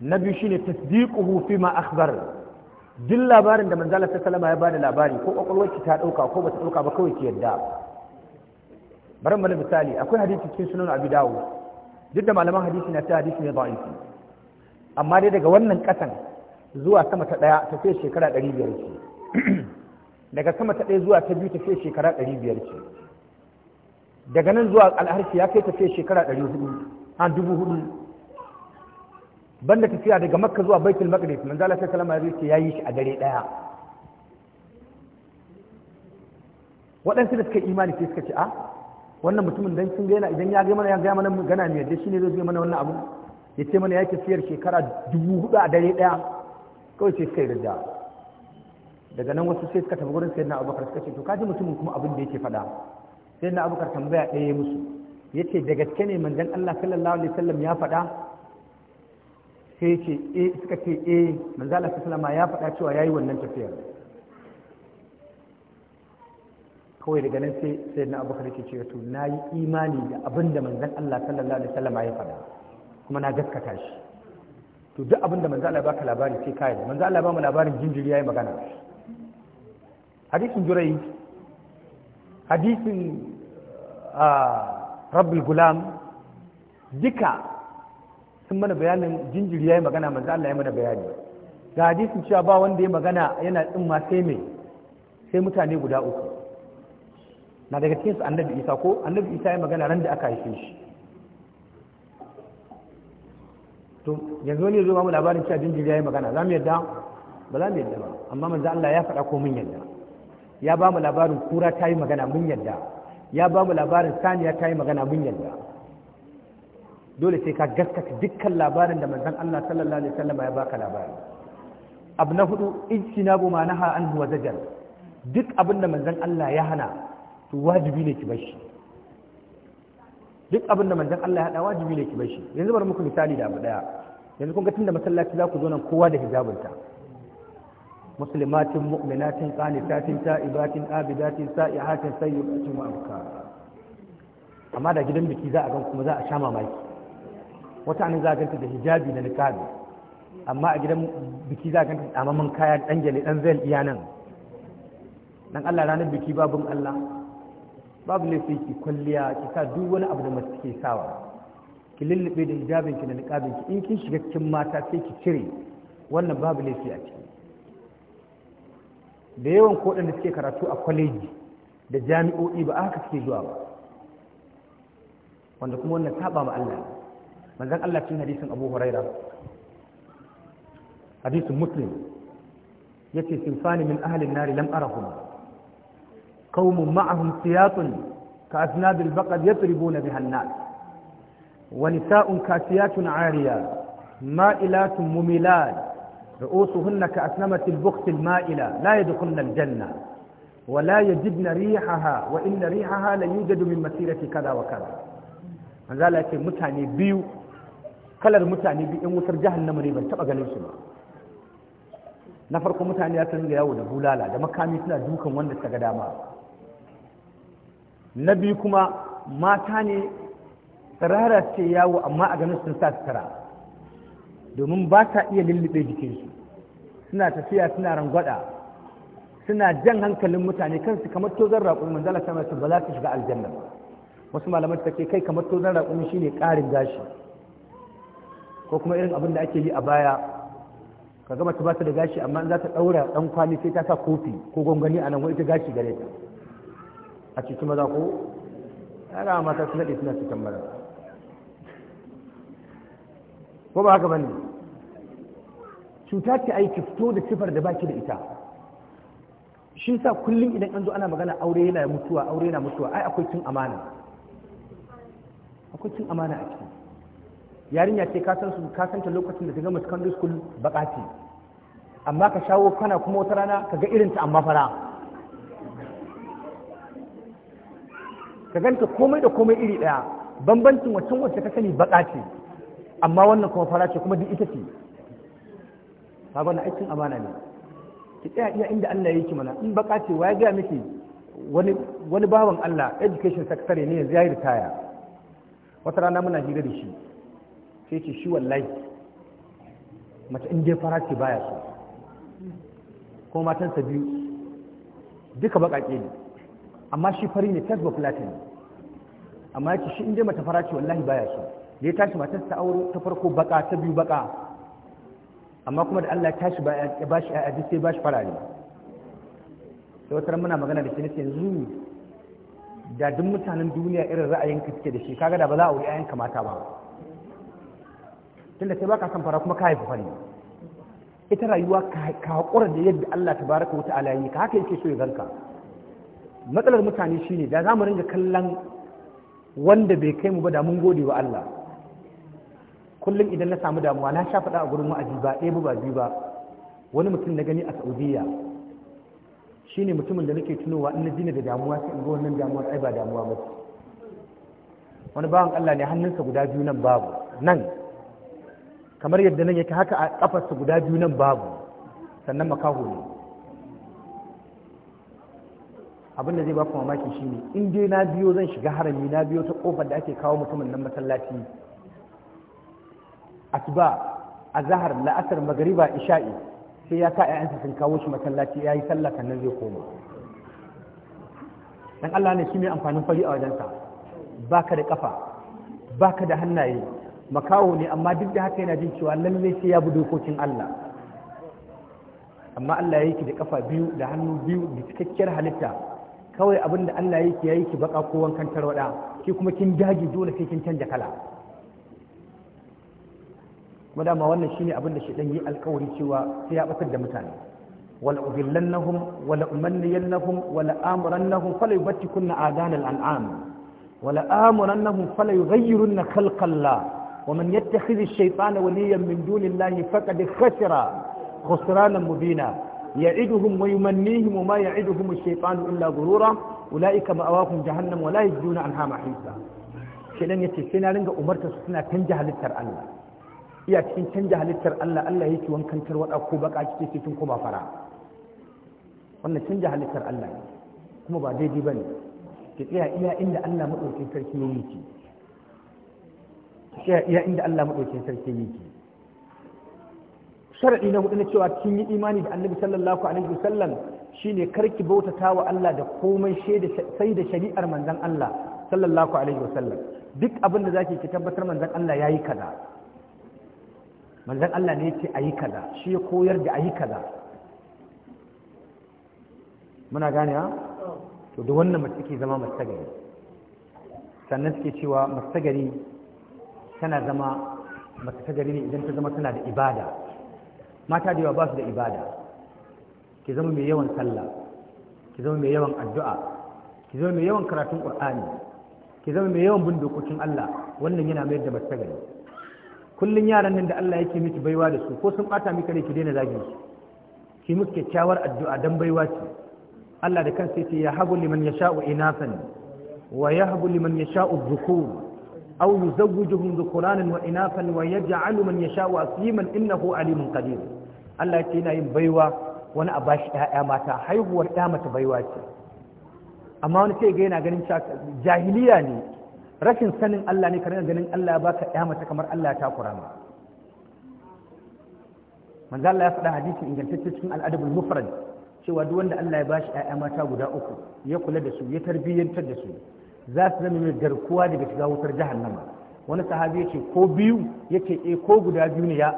nabi shine tasdiquhu fi ma akhbar duk labarin da manzo Allah sallallahu alaihi wasallam ya bada labari ko kokolwarki ta dauka ko bata dauka ba kawai ki yadda bari mu misali akwai hadisi cikin sunan Abi Dawud duk da malaman hadisi na ta hadisi ne da'ifi amma dai daga wannan kasan zuwa sama ta daya ta sai shekara 500 ce daga sama ta ɗaya zuwa ta biyu tafiya shekara ɗari biyar ce daga nan zuwa al'arshi ya kai tafiya shekara ɗari hudu a dubu hudu banda tafiya daga makka zuwa baitul maqdis manzo Allah sallallahu alaihi wasallam ya yi shi a dare ɗaya waɗansu da suka imani sai suka ce a ah, wannan mutumin dan sun gaina idan ya ga mana ya ga mana gana ne yadda shine zai mana wannan abu ya ce mana ya tafiyar shekara dubu hudu a dare ɗaya kawai sai suka yi rajaa daga nan wasu sai suka tafi gurin sayyidina abubakar suka ce to kaji mutumin kuma abin da yake faɗa sayyidina abubakar tambaya ɗaya musu yace da gaske ne manzon Allah sallallahu alaihi wasallam ya faɗa sai ce eh suka ce eh manzon Allah sallallahu alaihi ya faɗa cewa yayi wannan tafiyar kawai daga nan sai sayyidina abubakar yake cewa to nayi imani da abin da manzon Allah sallallahu alaihi wasallam ya faɗa kuma na gaskata shi to duk abin da manzo Allah ya baka labari sai kai manzo Allah ba mu labarin jinjiri yayi magana hadisin jurai hadisin ah, rabbul gulam duka sun mana bayanin jinjiri ya yi magana manzo Allah ya mana bayani ga hadisin cewa ba wanda ya magana yana tsimma sai mai sai mutane guda uku na daga cikinsu annabi isa ko annabi isa ya magana ran da aka haife shi to yanzu wani zo ba mu labarin cewa jinjiri ya yi magana za mu yadda ba za mu yadda ba amma manzo Allah ya faɗa ko mun yadda ya ba mu labarin kura ta yi magana mun yadda ya ba mu labarin saniya ta yi magana mun yadda dole sai ka gaskata dukkan labarin da manzon Allah sallallahu alaihi wasallam ya baka labari abu na hudu ijtinabu ma naha anhu wa zajar duk abin da manzon Allah ya hana to wajibi ne ki bar shi duk abin da manzon Allah ya hada wajibi ne ki bar shi yanzu bari muku misali da abu daya yanzu kun ga tunda masallaci za ku zo nan kowa da hijabinta مسلمات مؤمنات قانتات تائبات آبدات سائحات سيئات وأبكار amma da gidan biki za a gan kuma za a sha mamaki wata ne za a ganta da hijabi da niqabi amma a gidan biki za a ganta da mamman kaya dan gele dan zai iya nan dan Allah ranar biki babun Allah babu sai ki kwalliya ki sa duk wani abu da mace ke sawa ki lullube da hijabin ki da niqabin ki in kin shiga cikin mata sai ki cire wannan babu sai a ciki da yawan ko da suke karatu a kwaleji da jami'o'i ba haka suke zuwa ba wanda kuma wannan saba ma Allah manzon Allah cikin hadisin Abu Huraira hadisin Muslim yace sinfani min ahli an-nar lam arahum qaumun ma'ahum siyatun ka asnadil كأسناد البقر يضربون nas wa nisa'un kasiyatun 'ariyat ma'ilatun mumilat رؤوسهن كأسنمة البخت المائلة لا يدخلن الجنة ولا يجدن ريحها وإن ريحها لا يوجد من مسيرة كذا وكذا هذا لك متعني بيو كلر المتعني بيو إن وصر جهنم ريبا تبقى قليل شما نفرق متعني أسنى يو ده بولالا دا مكامي سنى دوك موند سقداما نبيكما ما تاني ترارة سياو أما أغنى سنسات ترارة domin ba ta iya lullube jikinsu suna tafiya suna rangwada suna jan hankalin mutane kansu kamar tozon raƙumi manzala sama su ba za su shiga aljanna wasu malamai take kai kamar tozon raƙumi shine ƙarin gashi ko kuma irin abin da ake yi a baya ka gama ta ba ta da gashi amma za ta ɗaura ɗan kwami sai ta sa kofi ko gwangwani a nan wani ita gashi gare ta a cikin maza ko yara mata su daɗe suna cikin mara ko ba haka bane cuta ce ai ki fito da sifar da baki da ita shi sa kullum idan an zo ana magana aure yana mutuwa aure yana mutuwa ai akwai cin amana akwai cin amana a ciki yarinya ce ka san su ka san ta lokacin da ta gama secondary school bakati amma ka shawo kana kuma wata rana ka ga irin ta amma fara ka ganta komai da komai iri daya bambancin wancan wacce ka sani bakati ce amma wannan kuma fara ce kuma duk ita ce kaga wannan aikin amana ne ki tsaya iya inda Allah ya yi mana in baka ce ya ga miki wani wani bawan Allah education secretary ne yanzu ya yi wata rana muna hira da shi sai ce shi wallahi mace in dai fara ce baya so ko matansa biyu duka bakake ne amma shi fari ne tasba platinum amma yake shi in dai mata fara ce wallahi baya so da ya tashi matarsa aure ta farko baka ta biyu baka amma kuma da Allah tashi ya bashi a duk sai bashi farare sai wata muna magana da shi ne yanzu da duk mutanen duniya irin ra'ayin ka suke da shi kaga da ba za a wuri ka mata ba tunda sai baka san fara kuma ka haifi fari ita rayuwa ka hakura da yadda Allah tabaraka wa ta'ala yi ka haka yake so ya ganka matsalar mutane shine da za mu ringa kallon wanda bai kai mu ba da mun gode wa Allah kullum idan na samu damuwa na sha faɗa a gurin wa'azi ba ɗaya ba biyu ba wani mutum na gani a saudiya ne mutumin da nake tunowa in na jina da damuwa sai in ga wannan damuwa ai ba damuwa ba wani bawan Allah ne hannunsa guda biyu nan babu nan kamar yadda nan yake haka a kafarsa guda biyu nan babu sannan makaho ne abin da zai ba ku mamaki ne, in dai na biyo zan shiga harami na biyo ta kofar da ake kawo mutumin nan masallaci asuba zahar la'asar magariba isha'i sai ya sa ƴaƴansa sun kawo shi masallaci ya yi sallah sannan zai koma dan Allah ne shi mai amfanin fari a wajensa baka da kafa baka da hannaye makawo ne amma duk da haka yana jin cewa lalle sai ya bi dokokin Allah amma Allah yake da kafa biyu da hannu biyu da cikakkiyar halitta kawai abin da Allah yake yayi ki baka ko wankan tarwada ki kuma kin dage dole sai kin canja kala madama wannan shine abin da shedan yi alkawari cewa sai ya bakar da mutane wala ubillannahum wala umanniyannahum wala amrannahum fala yubtikunna adana al'am wala amrannahum fala yughayyirunna wa man ash-shaytana khalqallah ومن يتخذ الشيطان وليا من دون الله فقد خسر خسرانا مبينا يعدهم ويمنيهم وما يعدهم الشيطان إلا غرورا أولئك مأواهم جهنم ولا يجدون عنها yace sai na ringa لنغا su suna kan jahalitar Allah iya cikin canja halittar Allah Allah yake wankantar wada ko baka kike cikin ko ba fara wannan canja halittar Allah ne kuma ba daidai bane ki tsaya iya inda Allah madaukakin sarki ya ki tsaya iya inda Allah madaukakin sarki ya yi ki sharadi na hudu na cewa kin yi imani da Annabi sallallahu alaihi wasallam shine karki bautata wa Allah da komai sai da shari'ar manzon Allah sallallahu alaihi wasallam duk abin da zaki ki tabbatar manzon Allah yayi kaza manzan Allah ne ce a yi kaza shi ya koyar da a yi kaza muna gane ha to da wannan mace ke zama matsagari sannan suke cewa matsagari tana zama matsagari ne idan ta zama tana da ibada mata da yawa ba su da ibada ki zama mai yawan sallah ki zama mai yawan addu'a ki zama mai yawan karatun ƙur'ani, ki zama mai yawan bin dokokin Allah wannan yana mayar da matsagari kullun yaran nan da Allah yake miki baiwa da su ko sun bata miki rai ki daina zagi? su ki miki kyakkyawar addu'a dan baiwa ce Allah da kansa yake ya habu liman yasha'u inasan wa yahbu liman yasha'u dhukur aw yuzawwijuhum dhukuranan wa inasan wa yaj'alu man yasha'u asiman innahu alimun qadir Allah yake yana yin baiwa wani a bashi ƴaƴa mata haihuwar ƴa mata baiwa ce amma wani sai ga yana ganin jahiliya ne rashin sanin Allah ne ka ganin Allah ba ka ɗaya mata kamar Allah ta kura ma Manzan Allah ya faɗa hadisi ingantacce cikin al'adabul mufrad cewa duk wanda Allah ya bashi ƴaƴa mata guda uku ya kula da su ya tarbiyyantar da su za su zama mai garkuwa daga shiga wutar jahannama wani sahabi ya ce ko biyu ya ce eh ko guda biyu ne ya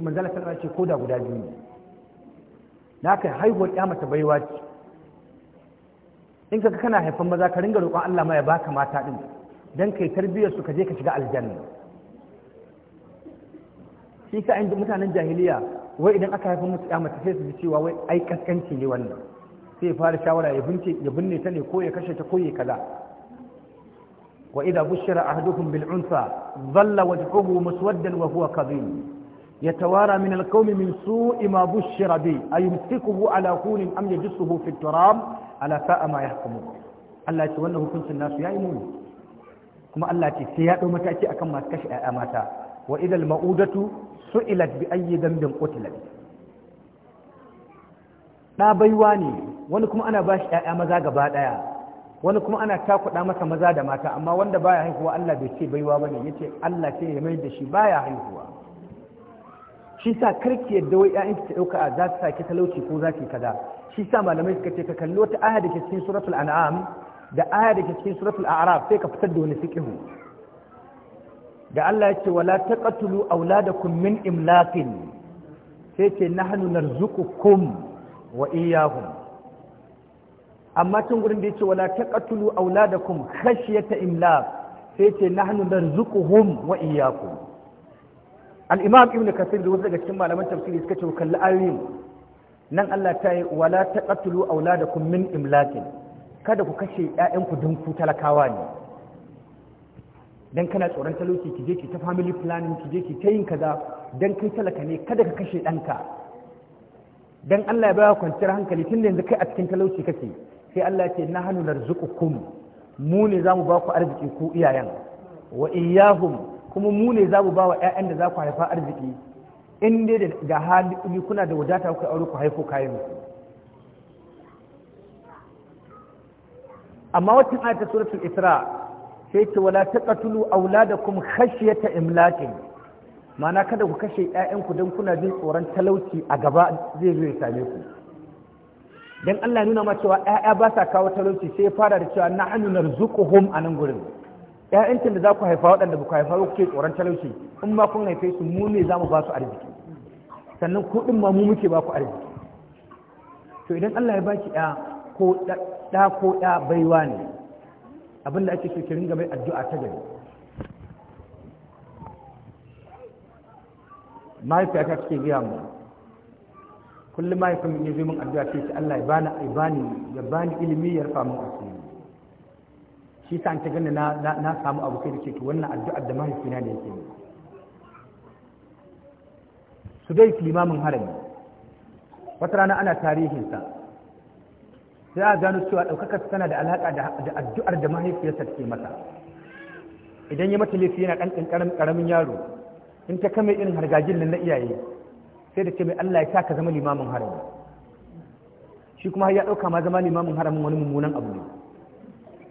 manzan Allah sallallahu ce ko da guda biyu ne na kai haihuwar ƴa mata baiwa ce in ka kana haifan maza ka ringa roƙon Allah ma ya baka mata ɗin? dan kai tarbiyyar su ka je ka shiga aljanna shi ka inda mutanen jahiliya wai idan aka haifa mutu ya mace sai su ji cewa wai ai kaskanci ne wannan sai ya fara shawara ya bince ya binne ta ne ko ya kashe ta ko ya kaza wa idza bushira ahadukum bil unsa dhalla wajhuhu muswaddan wa huwa kadhim yatawara min al qawmi kadhib يتوارى من القوم من سوء ala بشر am yajsuhu fi هون turab ala sa'a ma على Allah ya يحكمون wannan hukuncin nasu ya yi muni kuma Allah ce sai ya ɗau mataki akan masu kashe ‘ya'ya mata wa idal ma'udatu su'ilat bi ayyi dambin qutilat ɗa baiwa ne wani kuma ana bashi ‘ya'ya maza gaba ɗaya wani kuma ana takuɗa masa maza da mata amma wanda baya haihuwa Allah bai ce baiwa bane yace Allah ce ya mai da shi baya haihuwa shi sa karki yadda wai ‘ya'yanki ta ɗauka a za su saki talauci ko za ki kaza shi sa malamai suka ce ka kalli wata aya da ke cikin suratul an'am da aya da ke cikin suratul a'raf sai ka fitar da wani fiqhu da Allah ya ce wala taqtulu auladakum min imlaqin sai ce nahnu narzuqukum wa iyyahum amma tun gurin da yace wala taqtulu auladakum khashyata imlaq sai ce nahnu narzuquhum wa iyyakum al-imam ibn kathir da wasu daga cikin malaman tafsiri suka ce kalli ayoyin nan Allah ta yi wala taqtulu auladakum min imlaqin kada ku kashe 'ya'yanku don ku talakawa ne don kana tsoron talauci ki je ki ta family planning ki je ki ta yin kaza don kai talaka ne kada ka kashe ɗanka Don Allah ya baya kwanciyar hankali tun da yanzu kai a cikin talauci kake sai Allah ya ce na hannu narzuqukum mu ne za mu ba ku arziki ku iyayen wa kuma mu ne za mu ba wa 'ya'yan da za ku haifa arziki in dai da hali kuna da wadata ku aure ku haifo kayan ku amma wacin ayatul suratul isra sai ce wala taqtulu auladakum khashyata imlaqin ma'ana kada ku kashe ƴaƴanku dan kuna jin tsoron talauci a gaba zai zo ya same ku dan Allah nuna ma cewa ƴaƴa ba sa kawo talauci sai fara da cewa na'anu narzuquhum a nan gurin ƴaƴancin da za ku haifa waɗanda ba ku haifa ku ke tsoron talauci in ma kun haife su mu ne za mu ba su arziki sannan kuɗin ma mu muke ba ku arziki to idan Allah ya baki ɗa ko ɗa ko ɗa baiwa ne abinda ake so ki addu'a ta gari mahaifiyata take gaya mu kullum mahaifin ya zo min addu'a ce Allah ya bani ya bani ya bani ilimi ya rufa min asiri shi sa ta ganna na na samu abu kai da ce wannan addu'a da mahaifina ne yake su dai limamin harami wata rana ana tarihinsa sai a gano cewa ɗaukakar tana da alaƙa da addu'ar da mahaifiyarsa take mata idan ya mata laifi yana ɗan ƙaramin yaro in ta kame irin hargajin nan na iyaye sai da ce mai Allah ya sa ka zama limamin haramun shi kuma ya ɗauka ma zama limamin haramun wani mummunan abu ne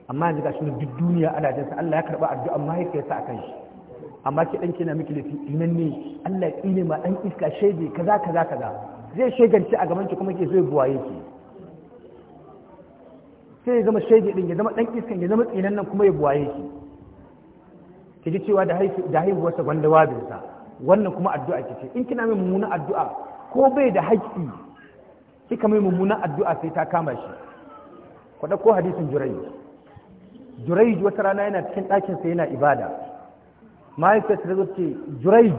amma yanzu shi duk duniya ana jin sa Allah ya karɓa addu'ar mahaifiyarsa akan shi amma ke ɗan na miki laifi inan ne Allah ya ƙine ma ɗan iska shaide kaza kaza kaza zai shegance a gaban ki kuma ke zo buwaye ki sai ya zama shege din ya zama dan iskan ya zama tsinan nan kuma ya buwaye shi ki ji cewa da haifi da haihuwarsa gwanda wabin wannan kuma addu'a kice in kina mai mummunan addu'a ko bai da haƙƙi kika mai mummunan addu'a sai ta kama shi ku ko hadisin jurai jurai wata rana yana cikin ɗakin sa yana ibada mahaifiyarsa ta zo ce jurayj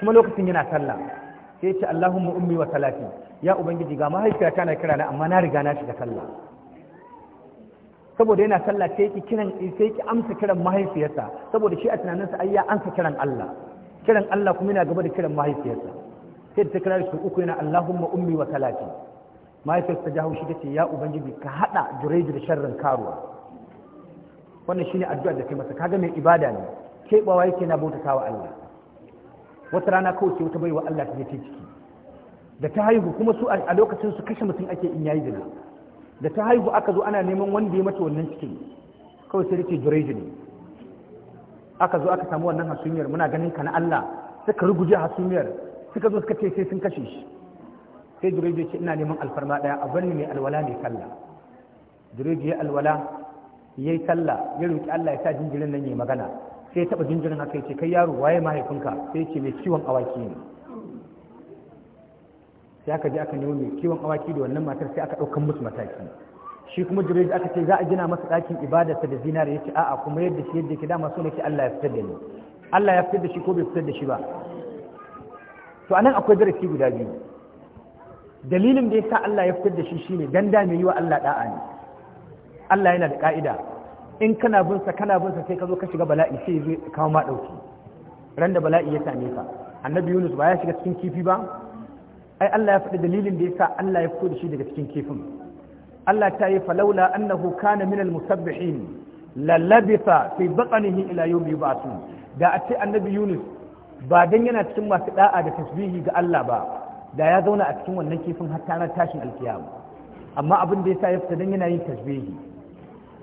kuma lokacin yana sallah sai ya ce Allahumma ummi wa salati ya ubangiji ga mahaifiyata na kira na amma na riga na shiga sallah saboda yana sallah sai ki kiran sai ki amsa kiran mahaifiyarsa saboda shi a tunanin sa ya amsa kiran Allah kiran Allah kuma yana gaba da kiran mahaifiyarsa sai ta kira shi uku yana Allahumma ummi wa salati mahaifiyarsa ta jawo shi ce ya ubangiji ka hada jureji da sharrin karuwa wannan shine addu'a da kai masa kaga mai ibada ne kebawa yake na bauta wa Allah wata rana kawai ce wata baiwa Allah ta je ciki da ta haihu kuma su a lokacin su kashe mutum ake in yayi jina. da ta haihu aka zo ana neman wanda ya mace wannan cikin kawai sai rike jureji ne aka zo aka samu wannan hasumiyar muna ganin ka na Allah suka ruguje hasumiyar suka zo suka ce sai sun kashe shi sai jureji ce ina neman alfarma daya a banni mai alwala mai sallah jureji ya alwala yayi sallah ya roki Allah ya sa jinjirin nan yayi magana sai ya taba jinjirin haka ya ce kai yaro waye mahaifinka sai ya ce mai ciwon awaki ne sai aka je aka nemo mai kiwon awaki da wannan matar sai aka ɗaukan musu mataki shi kuma jibril aka ce za a gina masa ɗakin ibadarsa da zinari yace a'a kuma yadda shi yadda ke dama so nake Allah ya fitar da ni Allah ya fitar da shi ko bai fitar da shi ba to anan akwai darasi guda biyu dalilin da yasa Allah ya fitar da shi shine dan da mai yiwa Allah da'a ne Allah yana da ka'ida in kana bin sa kana bin sa sai ka zo ka shiga bala'i sai kawo ma dauki ran da bala'i ya same ka annabi Yunus ba ya shiga cikin kifi ba ai Allah ya faɗi dalilin da yasa Allah ya fito da shi daga cikin kifin Allah ta yi falaula annahu kana minal musabbihin lalabitha fi batnihi ila yawmi yub'athun da a ce annabi Yunus ba dan yana cikin masu da'a da tasbihi ga Allah ba da ya zauna a cikin wannan kifin har ta tashin alkiyama amma abin da yasa ya fita dan yana yin tasbihi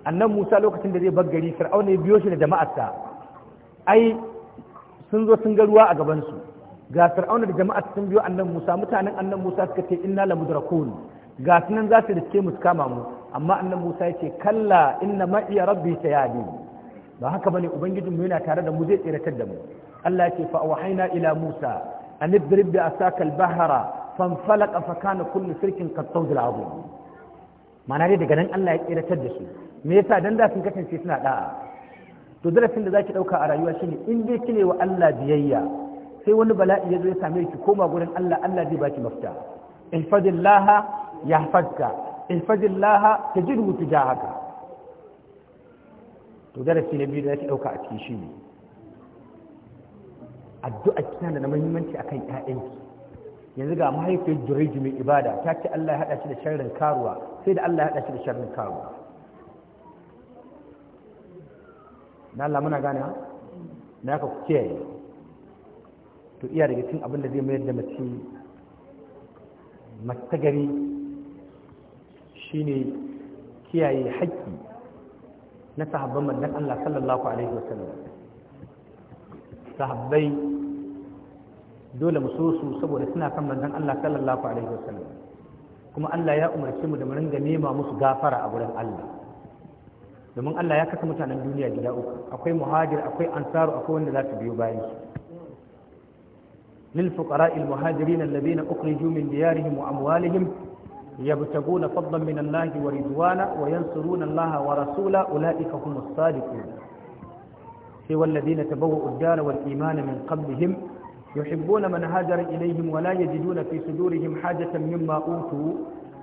annabi Musa lokacin da zai bar gari Fir'auna ya biyo shi da jama'arsa ai sun zo sun ga ruwa a gaban su ga fir'auna da jama'a sun biyo annan musa mutanen annan musa suka ce inna la mudrakun ga sunan za su riske mu kama mu amma annan musa ya ce kalla inna ma'iya rabbi sayadi ba haka bane ubangijin mu yana tare da mu zai tsiratar da mu Allah ya ce fa wahaina ila musa an idrib bi asaka al-bahra fanfalaqa fa kana kullu sirkin qad tawzil azim dai daga nan Allah ya tsiratar da su me yasa dan da sun kasance suna da'a to darasin da zaki dauka a rayuwa shine in dai kine wa Allah biyayya sai wani bala'i ya zo ya same ki koma gurin Allah Allah zai baki mafita In in ya ta yahfazka ihfazillah ta haka. to darasi na biyu da zaki dauka a cikin shi ne addu'a kina da muhimmanci akan ƴaƴanki yanzu ga mahaifiyar jureji mai ibada ta ce Allah ya hada shi da sharrin karuwa sai da Allah ya hada shi da sharrin karuwa na Allah muna gane na ka ku kiyaye to iya daga cin abin da zai mayar da mace matagari shine kiyaye haƙƙi na sahabban manzon Allah sallallahu alaihi wasallam sahabbai dole mu so su saboda suna kan manzon Allah sallallahu alaihi wasallam kuma Allah ya umarci mu da mu ringa nema musu gafara a wurin Allah domin Allah ya kasa mutanen duniya gida uku akwai muhajir akwai ansaru akwai wanda za su biyo bayan su للفقراء المهاجرين الذين أخرجوا من ديارهم وأموالهم يبتغون فضلا من الله ورضوانا وينصرون الله ورسوله أولئك هم الصادقون سوى الذين تبوؤوا الدار والإيمان من قبلهم يحبون من هاجر إليهم ولا يجدون في صدورهم حاجة مما أوتوا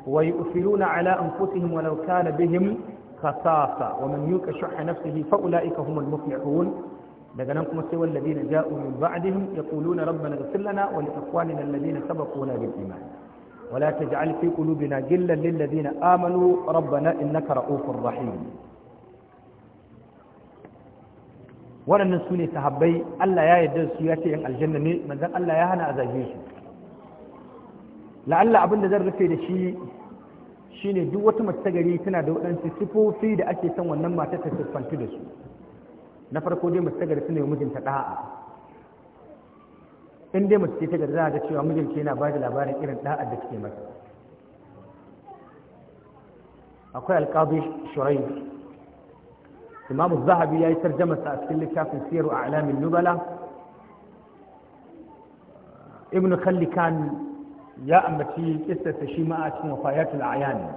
ويؤثرون على أنفسهم ولو كان بهم خصاصة ومن يوك شح نفسه فأولئك هم المفلحون daga nan kuma sai walladina ja'u min ba'dihim yaquluna rabbana ighfir lana wa li ikhwanina alladhina sabaquna bil iman wa la taj'al fi qulubina ghillan lil ladina amanu rabbana innaka ra'ufur rahim waɗannan su ne sahabbai Allah ya yarda su ya ce yan aljanna ne manzon Allah ya hana a zage su la'alla abin da zan rufe da shi shine duk wata mace ta gari tana da waɗansu sifofi da ake son wannan mata ta siffantu da su na farko dai mace tagari suna yi mijinta da'a in dai mace ce tagari za a ga cewa mijinta yana ba da labarin irin da'a da take masa akwai alƙadu shurai imam zahabi ya yi tarjamasa a cikin littafin siyaru a alamin nubala ibn kallikan ya ambaci kistarsa shi ma a cikin wafayatul ayan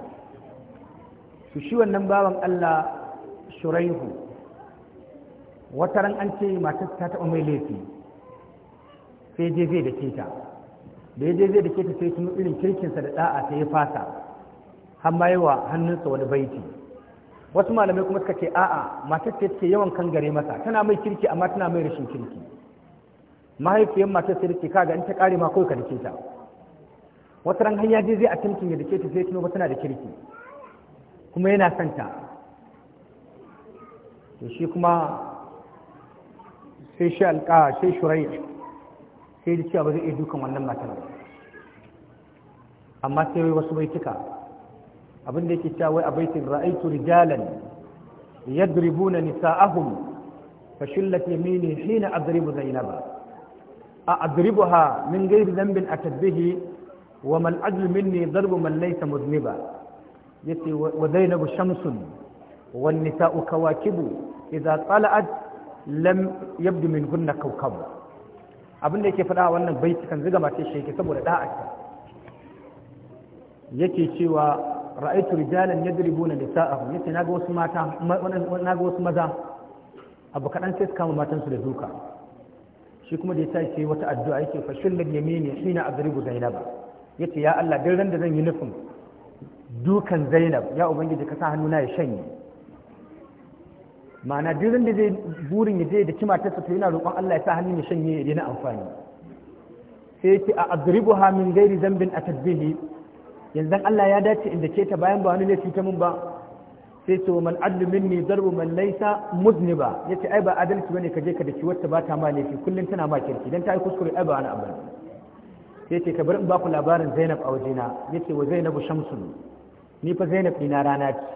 su shi wannan baban allah shuraihu wata ran an ce mata ta taɓa mai laifi sai je zai da keta da ya je zai da keta sai tuno irin kirkinsa da ɗa'a sai ya fasa har ma yawa hannunsa wani baiti wasu malamai kuma suka ce a'a matar ta take yawan gare masa tana mai kirki amma tana mai rashin kirki mahaifiyar matar sai take kaga in ta kare ma kawai ka dake ta wata ran hanya je zai a tantin ya dake ta sai tuno tana da kirki kuma yana santa to shi kuma sai shi alƙa sai shurai sai da cewa ba zai iya dukan wannan matan amma sai wai wasu baituka abin da yake cewa wai a baitin ra'aitu rijalan yadribuna nisa'ahum fa shillat yamini hina adribu zainaba a adribuha min ghairi dhanbin atadbihi wa mal ajlu minni darbu man laysa mudniba yace wa zainabu shamsun wan nisa'u kawakibu idza tala'at lam yabdu min hunna kaukab abin da yake faɗa wannan baiti kan ziga mace shi yake saboda da'arta yake cewa ra'aitu rijalan yadribuna nisa'ahum yace naga wasu mata naga wasu maza abu kaɗan sai su kama matansu da duka shi kuma da ya sa wata addu'a yake fa shullar yamini hina adribu zainaba yace ya Allah duk ran da zan yi nufin dukan zainab ya ubangiji ka sa na ya shanye ma'ana duk da zai burin ya je da kima ta to yana roƙon Allah ya sa hannun ya shanye ya na amfani sai yake a adribuha min gairi zambin a tasbihi yanzu Allah ya dace inda ke ta bayan ba wani laifi ta mun ba sai ce man adlu minni darbu man laysa muzniba yace ai ba adalci bane ka je ka daki wacce ba ta ma laifi kullun tana ma kirki dan ta yi kuskure ai ba wani abu sai ce ka bar in ba ku labarin Zainab a wajena yace wa Zainabu shamsun ni fa Zainab ina rana ce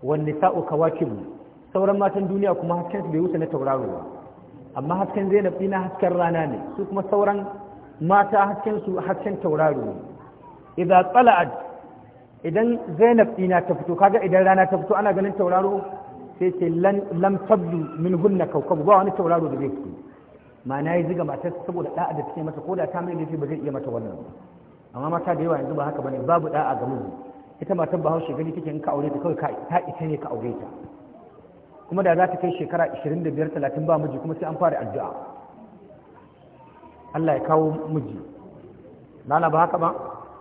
wan nisa'u kawakibu sauran matan duniya kuma hasken su bai wuce na tauraro ba amma hasken zainab ina hasken rana ne su kuma sauran mata hasken su hasken tauraro ne idza tala'at idan zainab dina ta fito kaga idan rana ta fito ana ganin tauraro sai ce lam tabdu min hunna kawkab ba wani tauraro da zai fito ma'ana ya ziga matar saboda da'a da take mata ko da ta mai ne ba zai iya mata wannan amma mata da yawa yanzu ba haka bane babu da'a ga mu ita matar bahaushe gani take in ka aure ta kawai ta ita ne ka aure ta kuma da za ta kai shekara 25 30 ba miji kuma sai an fara addu'a Allah ya kawo miji nana ba haka ba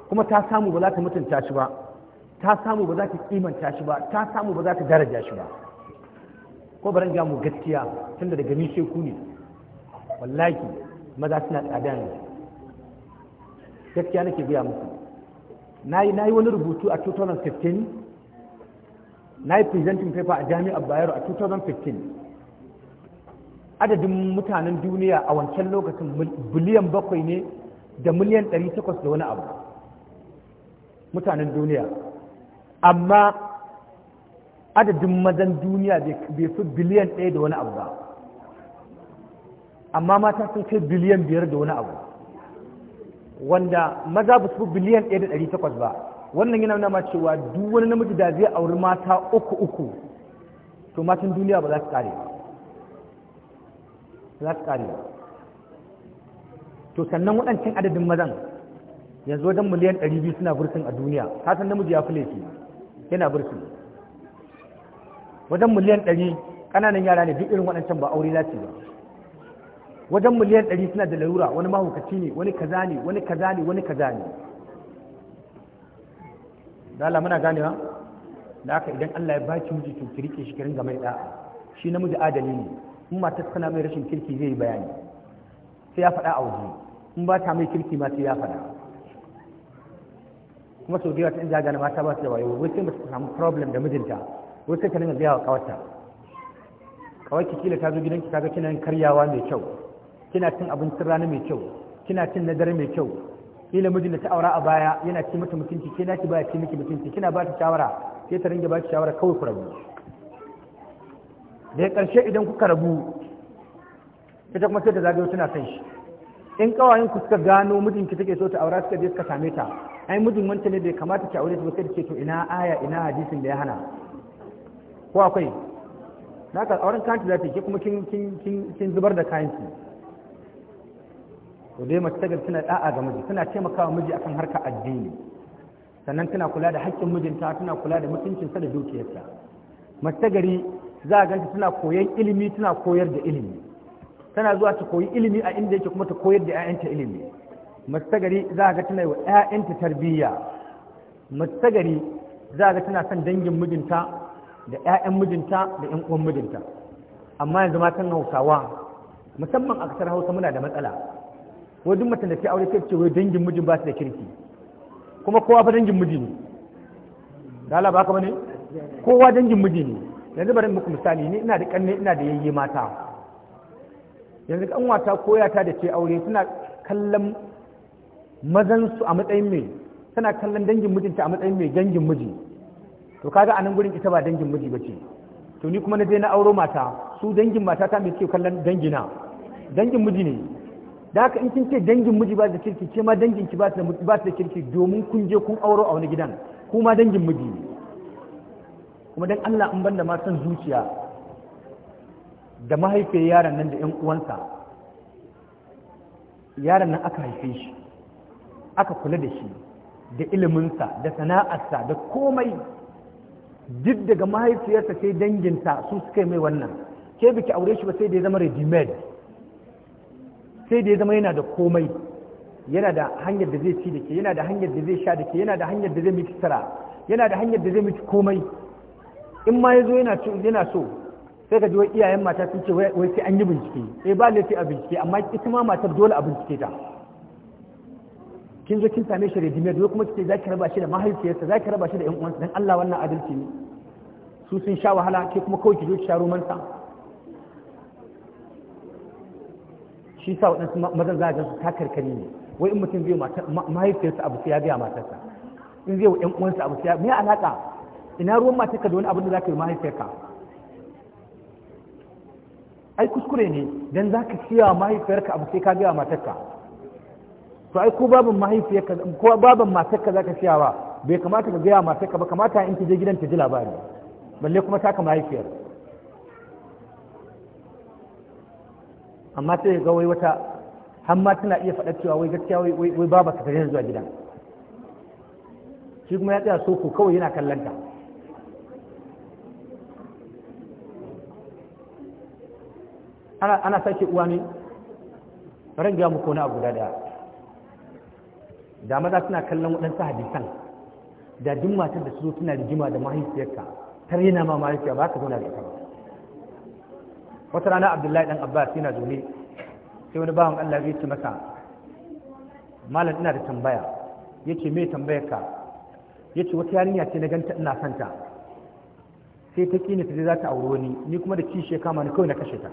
kuma ta samu ba za ta mutunta shi ba ta samu ba za ta kimanta shi ba ta samu ba za ta daraja shi ba ko baran ga mu gaskiya tunda daga ni sai ku ne wallahi maza suna tsada ne gaskiya nake biya muku nayi nayi wani rubutu a 2015 na yi presenting paper a jami'ar bayero a 2015 adadin mutanen duniya a wancan lokacin biliyan bakwai ne da miliyan 800 da wani abu mutanen duniya amma adadin mazan duniya bai fi biliyan ɗaya da wani abu ba amma mata sun kai biliyan biyar da wani abu wanda maza ba su fi biliyan ɗaya da ɗari takwas ba wannan yana nuna cewa duk wani namiji da zai auri mata uku uku to matan duniya ba za su kare ba za su kare ba to sannan waɗancan adadin mazan yanzu wajen miliyan 200 suna bursin a duniya kasan namiji ya fi laifi yana bursin wajen miliyan 100 ƙananan yara ne duk irin waɗancan ba aure lati ba wajen miliyan 100 suna da larura wani mahaukaci ne wani kaza ne wani kaza ne wani kaza ne Allah muna ganewa da haka idan Allah ya baki miji to ki rike shi kirin ringa mai da'a shi namiji adali ne in matar tana mai rashin kirki zai yi bayani sai ya faɗa a waje in ba ta mai kirki ma sai ya faɗa kuma sau da yawa ta inda zaga na mata ba su da wayo wai sai ba su samu problem da mijinta wai sai ta dinga gaya wa kawarta kawai ki kila ta zo gidanki ga kina karyawa mai kyau kina cin abincin rana mai kyau kina cin na dare mai kyau kila mijin da ta aura a baya yana ci mata mutunci ke naki baya ci miki mutunci kina ba ta shawara sai ta ringa ba ta shawara kawai ku rabu daga karshe idan kuka rabu ta kuma sai ta zagayo tana son shi in kawayen ku suka gano mijin ki take so ta aura suka je suka same ta ai mijin wancan ne bai kamata ki aure ta ba sai ce to ina aya ina hadisin da ya hana ko akwai Na ka auren kanti zafi ke kuma kin kin kin zubar da kayan ki to dai mace ta tana da'a ga miji tana taimakawa miji akan harka addini sannan tana kula da haƙƙin mijinta tana kula da mutuncinsa da dukiyarsa mace ta za a ganta tana koyan ilimi tana koyar da ilimi tana zuwa ta koyi ilimi a inda yake kuma ta koyar da 'ya'yanta ilimi mace ta za a ga tana yi wa 'ya'yanta tarbiyya mace ta za a ga tana son dangin mijinta da 'ya'yan mijinta da 'yan uwan mijinta amma yanzu matan hausawa musamman a ƙasar hausa muna da matsala wai duk mutum da ta aure ce wai dangin mijin ba su da kirki kuma kowa fa dangin miji ne da Allah ba ka bane kowa dangin miji ne yanzu bari muku misali ni ina da kanne ina da yayye mata yanzu kan wata koyata da ce aure suna kallon mazan su a matsayin mai tana kallon dangin mijinta a matsayin mai dangin miji to kaga anan gurin ita ba dangin miji bace to ni kuma na je na auro mata su dangin mata ta mai ke kallon dangina dangin miji ne da haka in kin ce dangin miji ba da kirki ke ma dangin ki ba da kirki domin kun je kun auro a wani gidan kuma dangin miji ne kuma dan Allah in banda ma san zuciya da mahaifiyar yaron nan da ƴan uwansa yaron nan aka haife shi aka kula da shi da iliminsa da sana'arsa da komai duk daga mahaifiyarsa sai danginta su suka yi mai wannan ke biki aure shi ba sai da ya zama ready made sai da ya zama yana da komai yana da hanyar da zai ci da ke yana da hanyar da zai sha da ke yana da hanyar da zai miki sara yana da hanyar da zai miki komai in ma ya zo yana so sai ka ji wai iyayen mata sun ce wai sai an yi bincike eh ba laifi a bincike amma ita ma matar dole a bincike ta kin zo kin same shi redimiyar dole kuma kike zaki raba shi da mahaifiyarsa zaki raba shi da yan uwansa dan Allah wannan adalci ne su sun sha wahala ke kuma kawai ki zo ki sha romansa shi sa waɗansu mazan za a gansu ta karkari ne wai in mutum zai mahaifiyarsa abu sai ya gaya matarsa in zai wa ƴan uwansa abu sai ya me alaƙa ina ruwan matarka da wani abin da za ka yi mahaifiyarka ai kuskure ne dan za ka siya mahaifiyarka abu sai ka gaya matarka to ai ko baban mahaifiyarka ko matarka za ka siya ba bai kamata ka gaya matarka ba kamata in ta je gidan ta ji labari balle kuma ka mahaifiyar amma sai ga wai wata har tana iya faɗa cewa wai gaskiya wai ba ba ta fara zuwa gidan shi kuma ya tsaya soko kawai yana kallon ta ana ana sake uwa ne ran ga muku na abu da da maza suna kallon waɗansu hadisan da duk matar da su zo tana rigima da mahaifiyarka tar yana ma mahaifiya ba ka zauna da ita ba wata rana abdullahi dan abbas yana zaune sai wani bawan allah zai ci masa malam ina da tambaya ya ce me tambayar ka ya ce wata yarinya ce na ganta ina santa sai ta kini ta za ta auro ni ni kuma da kishi ya kama ni kawai na kashe ta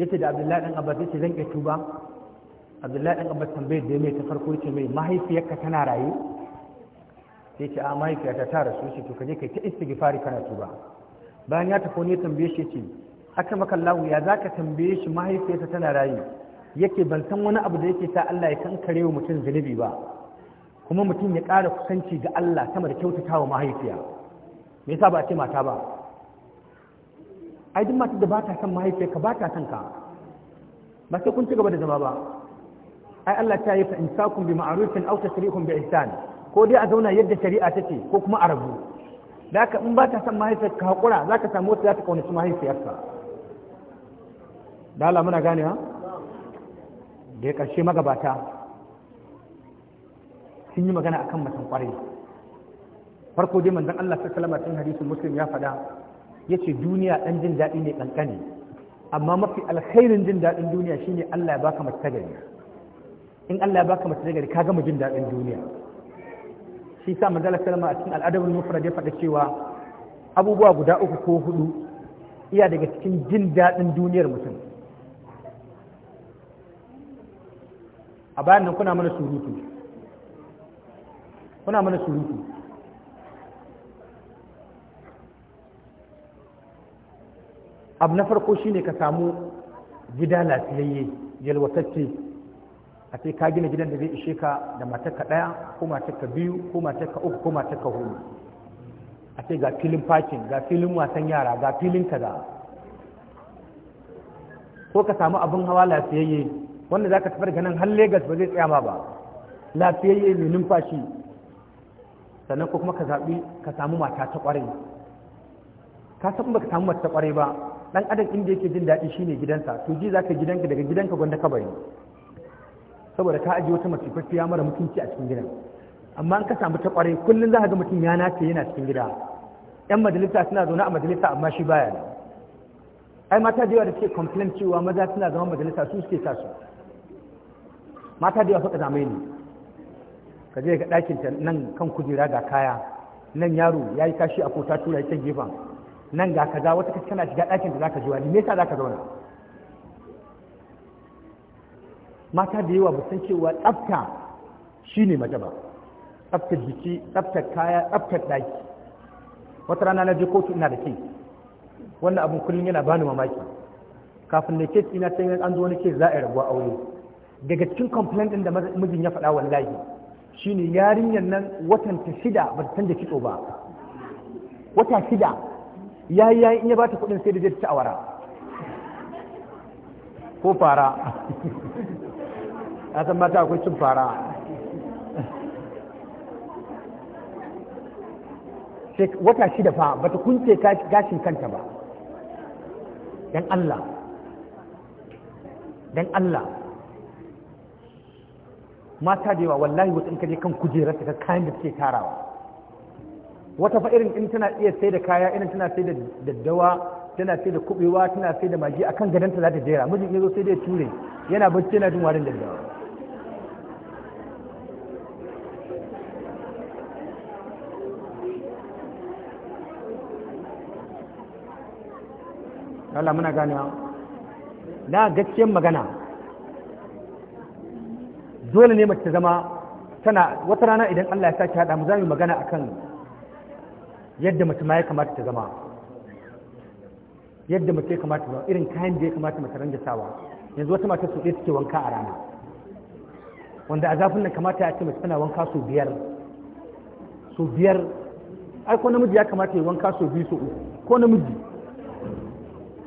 ya ce da abdullahi dan abbas ya ce zan iya tuba abdullahi dan abbas tambayar da ya mai ta farko ya ce mai mahaifiyarka tana raye sai ce a mahaifiyarta ta rasu shi to kaje kai ta istighfari kana tuba bayan ya tafi ne tambaye shi ce aka maka lawu ya zaka tambaye shi mahaifiyarsa tana rayu yake ban san wani abu da yake sa Allah ya kankare wa mutum zunubi ba kuma mutum ya ƙara kusanci ga Allah sama da kyautatawa mahaifiya me yasa ba a ce mata ba ai duk matar da ba ta son ka ba ta son ka ba sai kun ci gaba da zama ba ai Allah ta yi fa insakum bi ma'rufin aw tasrihum bi ihsan ko dai a zauna yadda shari'a ta ce ko kuma a rabu da in ba ta san mahaifiyar ka haƙura za ka samu wata za ta kaunaci mahaifiyarsa da ala muna gane ha da ya ƙarshe magabata sun yi magana kan matan ƙwarai farko dai manzan Allah ta salama cikin hadisun muslim ya faɗa ya ce duniya ɗan jin daɗi ne ƙanƙani amma mafi alkhairin jin daɗin duniya shine Allah ya baka mace ta gari in Allah ya baka mace ta gari ka gama jin daɗin duniya shi sa manzala salama a cikin al'adabul mufrad ya faɗa cewa abubuwa guda uku ko hudu iya daga cikin jin daɗin duniyar mutum a bayan nan kuna mana surutu kuna mana surutu abu na farko shine ka samu gida lafiyayye yalwatacce a ce ka gina gidan da zai ishe ka da matarka ɗaya ko matarka biyu ko matarka uku ko matarka hudu a ce ga filin fakin ga filin wasan yara ga filin kaza ko ka samu abin hawa lafiyayye wanda za ka tafar ganin har Legas ba zai tsaya ma ba lafiyayye mai numfashi sannan ko kuma ka zaɓi ka samu mata ta ƙwarai ka san ba ka samu mata ta ƙwarai ba ɗan adam inda yake jin daɗi shine gidansa to ji za ka gidanka daga gidanka gwanda kabari saboda ka ajiye wata ya mara mutunci a cikin gidan amma an ka samu ta kwarai kullum za ka ga mutum ya nace yana cikin gida yan majalisa suna zaune a majalisa amma shi baya nan ai mata da yawa da suke complain cewa maza suna zama majalisa su suke tasu mata da yawa suka zama ni ka je ga ɗakin ta nan kan kujera ga kaya nan yaro ya yi kashi a kota tura ya can gefen nan ga kaza wata na shiga ɗakin da za ka ji wani me yasa za ka zauna mata da yawa ba san cewa tsafta shi ne mace ba tsaftar jiki tsaftar kaya tsaftar daki wata rana na je kotu ina da ke wannan abin kullum yana bani mamaki kafin da ke na tsayin an zo wani ke za a rabuwa aure daga cikin complaint din da mijin ya faɗa wallahi shine yarinyar nan watan ta shida ba ta canza kitso ba wata shida ya yi in ya ba ta kuɗin sai da ta awara ko fara a san mata akwai cin fara wata shida fa bata kunce gashin kanta ba dan Allah don Allah mata da yawa wallahi wata in kaje kan kujerar ta kayan da suke tarawa wata fa irin in tana iya sai da kaya irin tana sai da daddawa tana sai da kubewa tana sai da magi akan gadanta za ta jera mijin ya zo sai da ture yana bacci yana jin warin daddawa Allah muna ganewa na gaskiyar magana dole ne mace zama tana wata rana idan Allah ya sake haɗa mu za mu magana akan yadda mace ma ya kamata ta zama yadda mace ya kamata ta irin kayan da ya kamata mace ranga sawa yanzu wata mata su ɗaya suke wanka a rana wanda a zafin nan kamata ya ce mace tana wanka sau biyar su biyar ai ko namiji ya kamata ya wanka sau biyu su uku ko namiji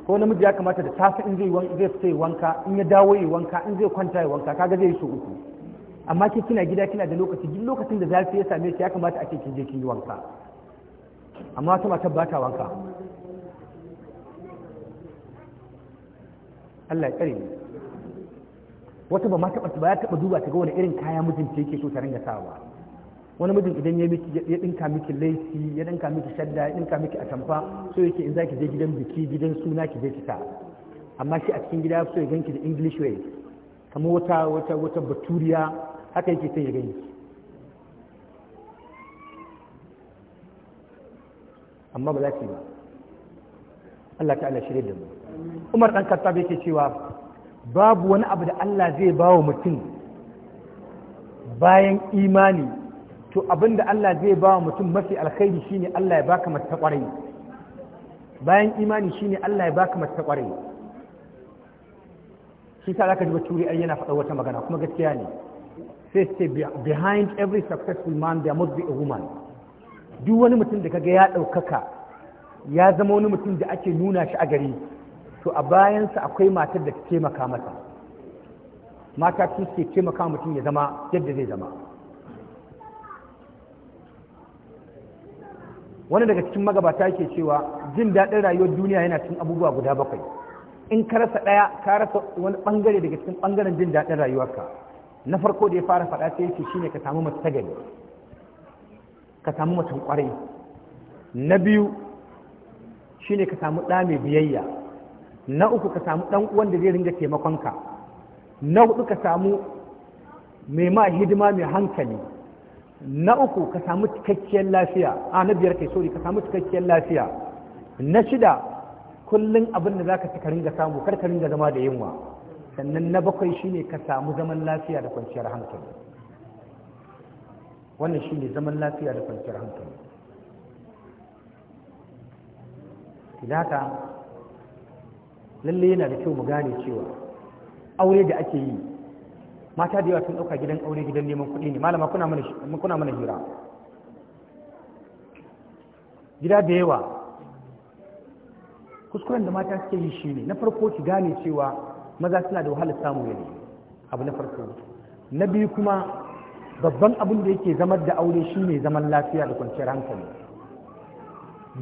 ko namiji ya kamata da safe in zai zai fita wanka in ya dawo yi wanka in zai kwanta yi wanka kaga zai yi so uku amma ke kina gida kina da lokaci duk lokacin da zafi ya same ki ya kamata ake kin je kin yi wanka amma ta mata ba ta wanka Allah ya kare ni wata ba ma taba ba ya taba duba ta ga wani irin kaya mijinta yake so ta ringa sawa wani mijin idan ya miki ya dinka miki laifi ya dinka miki shadda ya dinka miki atamfa so yake in zaki je gidan biki gidan suna ki je ki ta amma shi a cikin gida so ya ganki da english way kamar wata wata wata baturiya haka yake sai ya gani amma ba za ki ba Allah ta'ala shirye da mu Umar dan Khattab yake cewa babu wani abu da Allah zai bawa mutum bayan imani to abinda Allah zai ba mutum mafi alkhairi shine Allah ya baka mace ta kwarai bayan imani shine Allah ya baka mace ta kwarai shi ta zaka ji bature ai yana faɗa wata magana kuma gaskiya ne sai ce behind every successful man there must be a woman duk wani mutum da kaga ya ɗaukaka ya zama wani mutum da ake nuna shi a gari to a bayansa akwai matar da ta taimaka masa mata su ke taimaka mutum ya zama yadda zai zama wani daga cikin magabata ke cewa jin daɗin rayuwar duniya yana cikin abubuwa guda bakwai in ka rasa ɗaya ka rasa wani ɓangare daga cikin ɓangaren jin daɗin rayuwarka na farko da ya fara faɗa ta yake shine ka samu mace tagari ka samu macen ƙwarai na biyu shine ka samu ɗa mai biyayya na uku ka samu ɗan uwan da zai ringa taimakonka na huɗu ka samu mai ma hidima mai hankali na uku ka samu cikakkiyar lafiya a na biyar kai sori ka samu cikakkiyar lafiya na shida kullum abin da zaka ci ka ga samu kar ka ringa zama da yunwa sannan na bakwai shine ka samu zaman lafiya da kwanciyar hankali wannan shine zaman lafiya da kwanciyar hankali idan lalle yana da kyau mu gane cewa aure da ake yi mata da yawa sun ɗauka gidan aure gidan neman kuɗi ne malama kuna mana hira gida da yawa kuskuren da mata suke yi shi ne na farko ki gane cewa maza suna da wahalar samu ne abu na farko na biyu kuma babban abin da yake zamar da aure shi ne zaman lafiya da kwanciyar hankali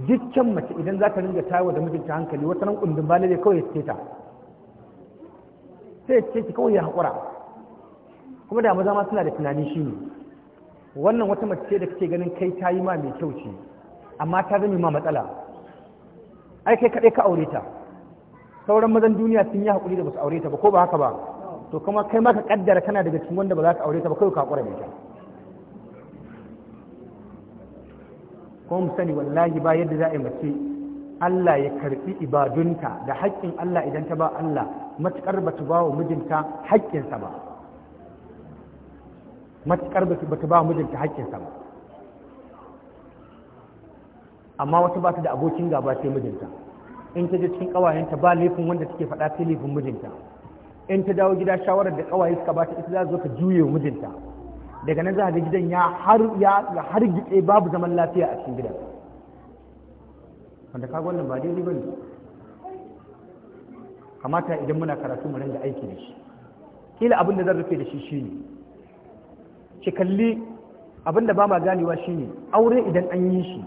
dukkan mace idan za ta ringa tayo da mijinta hankali wata nan kundin ba ne kawai ya ta sai ce ki kawai ya haƙura kuma da maza ma suna da tunani shi ne wannan wata mace ce da kake ganin kai ta yi ma mai kyau ce amma ta zame ma matsala ai kai kaɗai ka aure ta sauran mazan duniya sun yi hakuri da ba su aure ta ba ko ba haka ba to kuma kai ma ka kaddara kana daga cikin wanda ba za ka aure ta ba kai ka haƙura mai ta kuma mu sani wallahi ba yadda za a yi mace Allah ya karɓi ibadunta da haƙƙin Allah idan ta ba Allah matuƙar ba ta ba wa mijinta haƙƙinsa ba Matuƙar ba ta ba mijinta haƙƙinsa ba amma wata ba ta da abokin gaba sai mijinta in ta je cikin ƙawayenta ba laifin wanda take faɗa sai laifin mijinta in ta dawo gida shawarar da ƙawaye suka bata ita za zo ta juye wa mijinta daga nan za ga gidan ya har ya gitse babu zaman lafiya a cikin gidan wanda kaga wannan ba daidai bane kamata idan muna karatu mu ranga aiki da shi kila abin da zan rufe da shi ne. ki kalli abin da ba ma ganewa shine aure idan an yi shi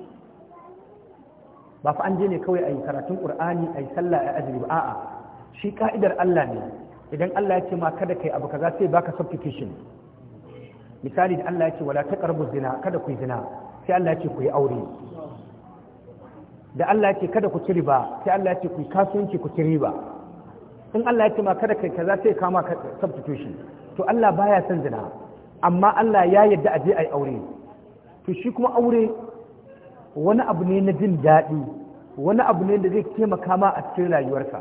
ba fa an je ne kawai a yi karatun ƙur'ani a yi sallah a azumi ba a'a shi ka'idar Allah ne idan Allah ya ce ma kada kai abu kaza sai baka substitution misali da Allah ya ce wala taqrabu zina kada ku zina sai Allah ya ce ku yi aure da Allah ya ce kada ku ci riba sai Allah ya ce ku yi kasuwanci ku ci riba in Allah ya ce ma kada kai kaza sai kama substitution to Allah baya son zina amma Allah ya yadda a je a yi aure to shi kuma aure wani abu ne na jin daɗi wani abu ne da zai taimaka ma a cikin rayuwarka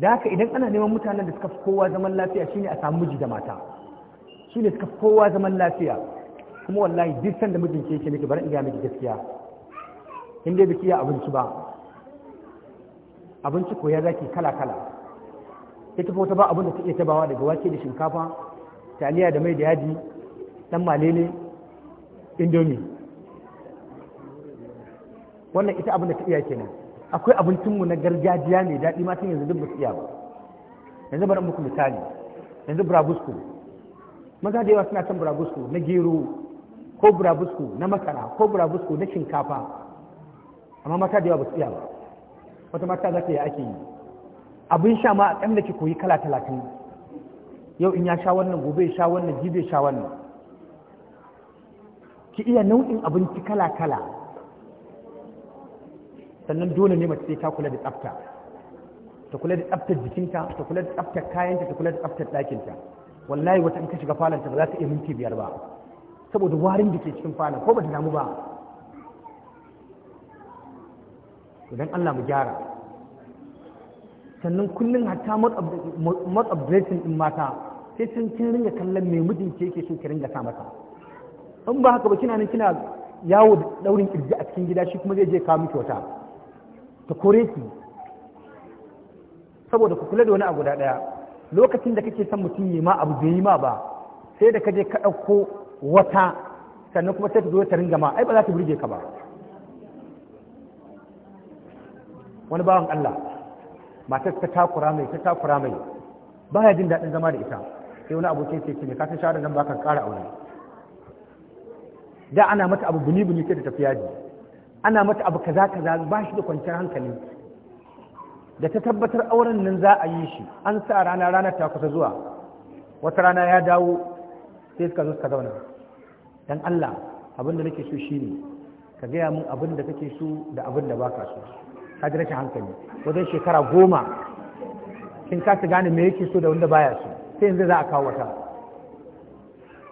da haka idan ana neman mutanen da suka fi kowa zaman lafiya shine a samu miji da mata su ne suka fi kowa zaman lafiya kuma wallahi duk sanda mijin ke yake miki bari in ga miki gaskiya in dai biki ya abinci ba abinci koya zaki kala kala ita fa wata ba abin da take tabawa daga wake da shinkafa taliya da mai da yaji dan malele indomi wannan ita abin da ta iya kenan akwai abincinmu na gargajiya mai daɗi ma yanzu duk ba su iya ba yanzu bari muku misali yanzu burabusku maza da yawa suna son burabusku na gero ko burabusku na masara ko burabusku na shinkafa amma mata da yawa ba su iya ba wata mata za ta yi ake yi abin sha ma a ƙan da ke koyi kala talatin yau in ya sha wannan gobe ya sha wannan jibe sha wannan ki iya nau'in abinci kala-kala sannan dole ne mace ta kula da tsafta ta kula da tsaftar jikinta ta kula da tsaftar kayanta ta kula da tsaftar ɗakinta wallahi wata in ka shiga falonta ba za ta iya minti biyar ba saboda warin da ke cikin falon ko ba ta damu ba idan Allah mu gyara sannan kullum hatta matsa din mata sai sun kin ringa kallon mai mijin ke yake so ki ringa sa masa in ba haka ba kina nan kina yawo da daurin kirji a cikin gida shi kuma zai je kawo miki wata ta kore ki saboda ku kula da wani abu da daya lokacin da kake son mutum yi ma abu bai yi ma ba sai da kaje ka ɗauko wata sannan kuma sai ta zo ta ringa ma ai ba za ta burge ka ba wani bawan Allah matar ta takura mai ta takura mai ba ya jin daɗin zama da ita sai wani abokin sai ce ka kasan shahada nan baka ƙara aure da ana mata abu buni buni sai da tafi yaji ana mata abu kaza kaza ba shi da kwanciyar hankali da ta tabbatar auren nan za a yi shi an sa rana ranar ta kusa zuwa wata rana ya dawo sai suka zo suka zauna dan Allah abin da nake so shine ka gaya mun abin da kake so da abin da baka so ka ji rashin hankali wajen shekara goma kin kasa gane me yake so da wanda baya so sai yanzu za a kawo wata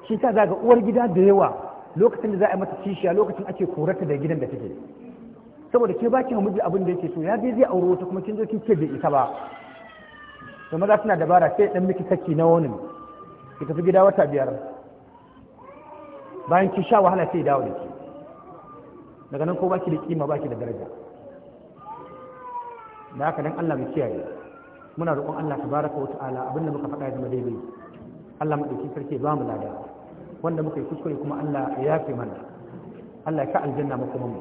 shi ta zaga uwar gida da yawa lokacin da za a yi mata kishiya lokacin ake korata da gidan da take saboda ke baki wa miji abin da yake so ya je zai auro wata kuma kin zo kin ce bai isa ba to maza suna dabara sai dan miki saki na wani ki tafi gida wata biyar bayan ki sha wahala sai dawo da ki daga nan ko baki da kima baki da daraja da haka dan Allah mu kiyaye muna roƙon Allah tabaraka wa ta'ala abinda muka faɗa ya zama daidai Allah madauki sarki ba mu lada wanda muka yi kuskure kuma Allah ya yafe mana Allah ya sa aljanna makoman mu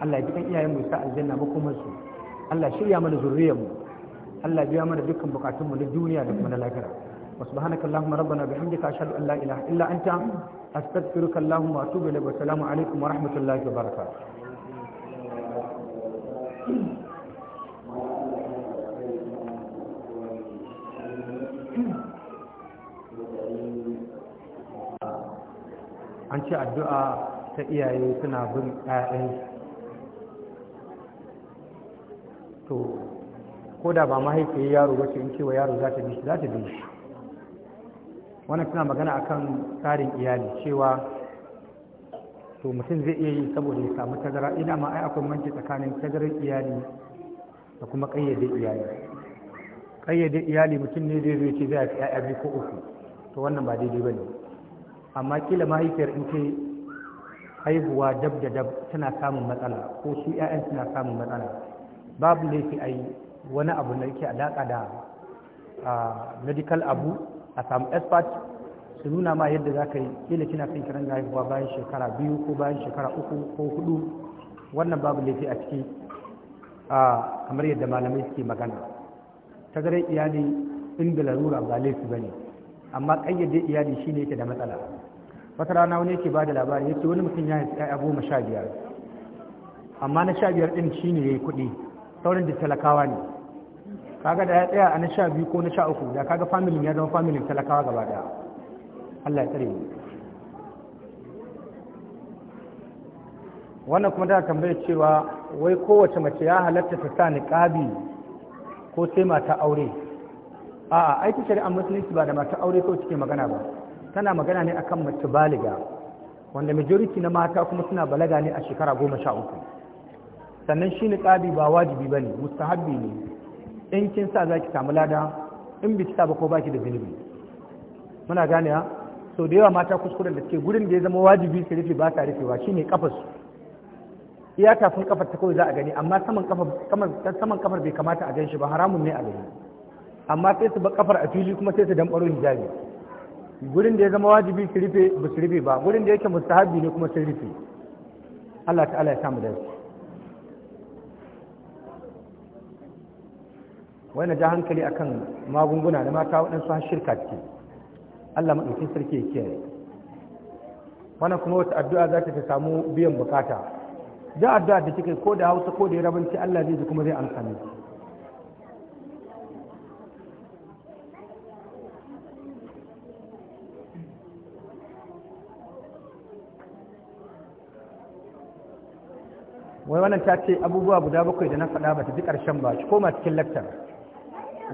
Allah ya ji kan iyayen mu sa aljanna makoman su Allah shirya mana zuriyar mu Allah biya mana dukkan bukatun mu na duniya da kuma na lahira wa subhanaka allahumma rabbana bihamdika ashhadu an la ilaha illa anta astaghfiruka allahumma wa atubu ilayk wa assalamu alaikum wa rahmatullahi wa barakatuh ci addu'a ta iyaye suna bin 'ya'yansu to ko da ba mahaifiyar yaro wacce in cewa yaro za ta bi shi za ta bi shi wannan suna magana akan tsarin iyali cewa to mutum zai iya yi saboda ya samu tazara ina ma ai akwai manci tsakanin tazarar iyali da kuma ƙayyade iyali ƙayyade iyali mutum ne zai zo ce zai haifi 'ya'ya biyu ko uku to wannan ba daidai ba ne amma kila mahaifiyar in ce haihuwa dab da dab tana samun matsala ko su 'ya'yan suna samun matsala babu laifi a yi wani abu na yake alaƙa da medical abu a samu expert su nuna ma yadda za ka yi kila kina son kiran haihuwa bayan shekara biyu ko bayan shekara uku ko hudu wannan babu laifi a ciki kamar yadda malamai suke magana ta gare iyali inda larura ba laifi ba ne amma ƙayyade iyali shine yake da matsala wata rana wani yake ba da labari yake wani mutum ya yi ya'ya goma sha biyar amma na sha biyar ɗin shi ne ya yi kuɗi saurin da talakawa ne kaga da ya tsaya a na sha biyu ko na sha uku da kaga familin ya zama familin talakawa gaba daya Allah ya tsare wannan kuma da tambaya cewa wai kowace mace ya halatta ta sa niqabi ko sai mata aure a'a aiki shari'ar musulunci ba da mata aure ko suke magana ba tana magana ne akan mace baliga wanda majority na mata kuma suna balaga ne a shekara goma sha uku sannan shi niqabi ba wajibi bane mustahabbi ne in kin sa zaki samu lada in biki sa ba ko baki da zunubi muna gane ha so da yawa mata kuskuren da ke, gurin da ya zama wajibi su rufe ba ta rufewa shine kafar su iya tafin kafar ta kawai za a gani amma saman kafar saman kafar bai kamata a gan shi ba haramun ne a gani amma sai su ba kafar a fili kuma sai su ni hijabi gurin da ya zama wajibi su rufe ba su rufe ba gurin da yake mustahabi ne kuma su rufe Allah ta'ala ya samu dace Wani na ja hankali akan magunguna da mata waɗansu har shirka ce Allah maɗauki sarki ya kiyaye wannan kuma wata addu'a za ta samu biyan bukata da addu'a da kika ko da Hausa ko da Yarabanci Allah zai ji kuma zai amsa miki wai wannan ta ce abubuwa guda bakwai da na faɗa ba ta ji ƙarshen ba ki koma cikin lakta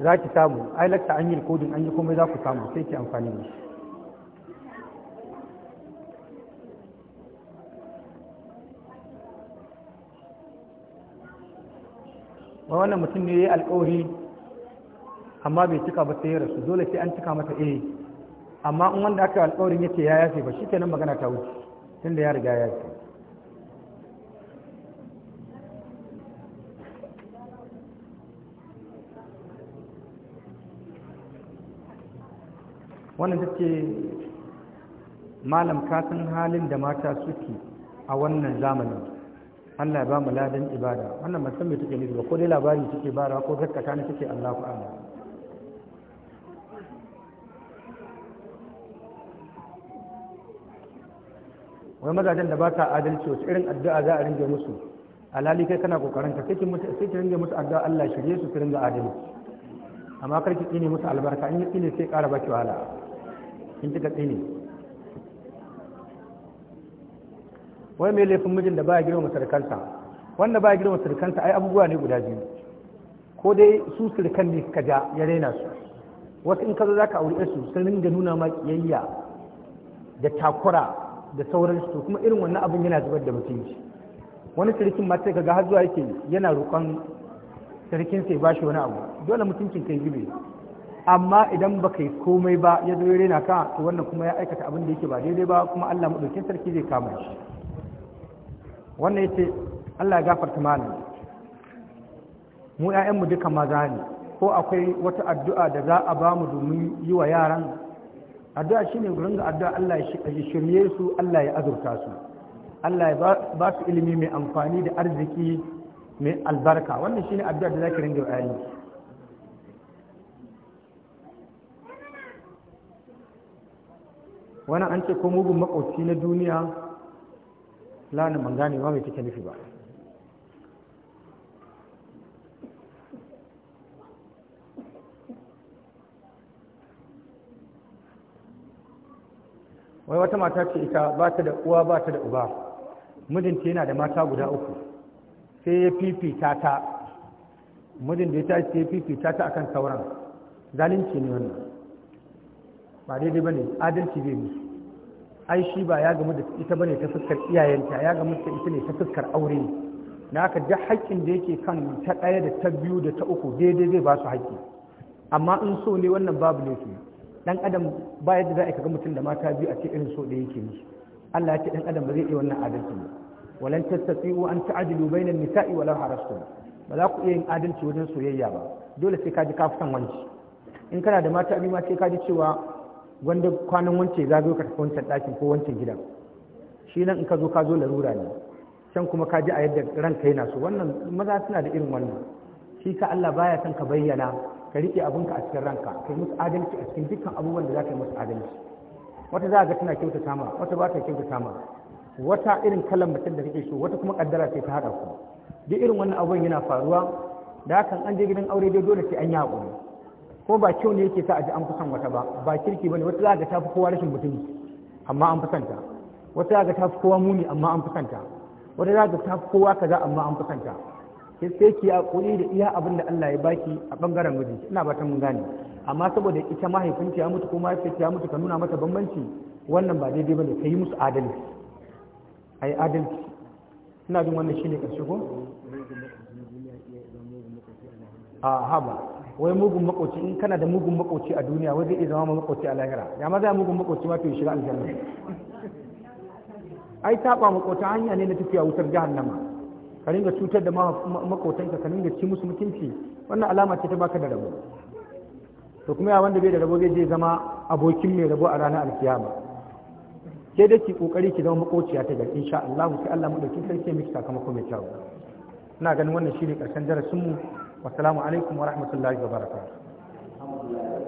za ki samu ai lakta an yi rikodin an yi komai za ku samu sai ki amfani da shi wai wannan mutum ne ya yi alƙawari amma bai cika ba sai ya rasu dole sai an cika mata eh amma in wanda aka yi alƙawarin yake ya yafe ba shi kenan magana ta wuce tun da ya riga ya yafe wannan ta ce malam kasan halin da mata suke a wannan zamanin Allah ya ba mu ladin ibada wannan mai take nufi ba ko dai labari take bara ko gaskata ne take Allah ku ala wani mazajen da ba ta adalci wasu irin addu'a za a ringe musu alhali kai kana kokarin ka sai ki ringe musu addu'a Allah shirye su su ringa adalci amma kar ki tsine musu albarka in yi tsine sai ƙara baki wahala in kika ne wai mai laifin mijin da ba ya girma sarkanta wanda ba ya girma sarkanta ai abubuwa ne guda biyu ko dai su sirkan ne suka ja ya raina su wasu in ka zo zaka aure su sun ringa nuna ma kiyayya da takura da sauransu to kuma irin wannan abin yana zubar da mutunci wani sirkin ma sai kaga har zuwa yake yana roƙon sarkin sai shi wani abu dole mutuncin kai gibe amma idan baka yi komai ba ya zo na ka to wannan kuma ya aikata abin da yake ba daidai ba kuma Allah madaukin sarki zai kama shi wannan yace Allah ya gafarta malam mu ƴaƴan mu duka maza ne ko akwai wata addu'a da za a bamu domin yi wa yaran addu'a shine gurin ga addu'a Allah ya shirye su Allah ya azurta su Allah ya ba su ilimi mai amfani da arziki mai albarka wannan shine addu'a da zaki ringa ƴaƴanki wani an ce ko mugun makwabci na duniya lanin ban gane ma mai take nufi ba wai wata mata ce ita ba ta da uwa ba ta da uba mijinta yana da mata guda uku sai ya fifita ta mijin da ya tashi sai ya fifita ta akan sauran zalunci ne wannan ba daidai bane adalci zai musu ai shi ba ya gamu da ita bane ta fuskar iyayenta ya gamu da ita ne ta fuskar aure ne na haka duk haƙƙin da yake kan ta ɗaya da ta biyu da ta uku daidai zai ba su haƙƙi amma in so ne wannan babu laifi dan adam ba yadda za a kaga mutum da mata biyu a ce irin so da yake musu Allah ya ce dan adam ba zai iya wannan adalci ba walan tastati'u an ta'dilu bainan nisa'i walau harastum ba za ku iya yin adalci wajen soyayya ba dole sai ka ji ka fitan wanci in kana da mata biyu ma sai ka ji cewa wanda kwanan wance za zo ka tafi wancan ɗakin ko wancan gidan shi nan in ka zo ka zo larura ne can kuma ka ji a yadda ranka yana so wannan maza suna da irin wannan shi ka Allah baya son ka bayyana ka rike ka a cikin ranka kai musu adalci a cikin dukkan abubuwan da za ka yi musu adalci wata za ga tana kyauta sama. wata ba ta kyauta sama wata irin kalan mutum da kake so wata kuma kaddara sai ta haɗa ku duk irin wannan abun yana faruwa da hakan an je gidan aure dai dole sai an yi haƙuri ko ba kyau ne yake sa a ji an fusan wata ba ba kirki bane wata za ga tafi kowa rashin mutumi amma an fusanta wata za ga tafi kowa muni amma an fusanta wata za ga tafi kowa kaza amma an fusanta sai ki a kuri da iya abin da Allah ya baki a bangaren miji ina ba ta mun gane amma saboda ita mahaifinta ya mutu ko mahaifinta ya mutu ka nuna mata bambanci wannan ba daidai bane ka yi musu adalci ai adalci ina jin wannan shine karshe ko a haba wai mugun makwaci in kana da mugun makwaci a duniya wai zai iya zama makwaci a lahira ya ma zai mugun makwaci ma to ya shiga aljanna ai taba makwata hanya ne na tafiya wutar jahannama ka ringa cutar da makotanka ka ringa ci musu mutunci wannan alama ce ta baka da rabo to kuma ya wanda bai da rabo zai je zama abokin mai rabo a ranar alkiyama sai da ki kokari ki zama makociya ta gari insha Allah sai Allah mu dauki sarki miki sakamako mai kyau ina ganin wannan shine karshen darasin mu wasalamu alaikum wa rahmatullahi wa barakatuh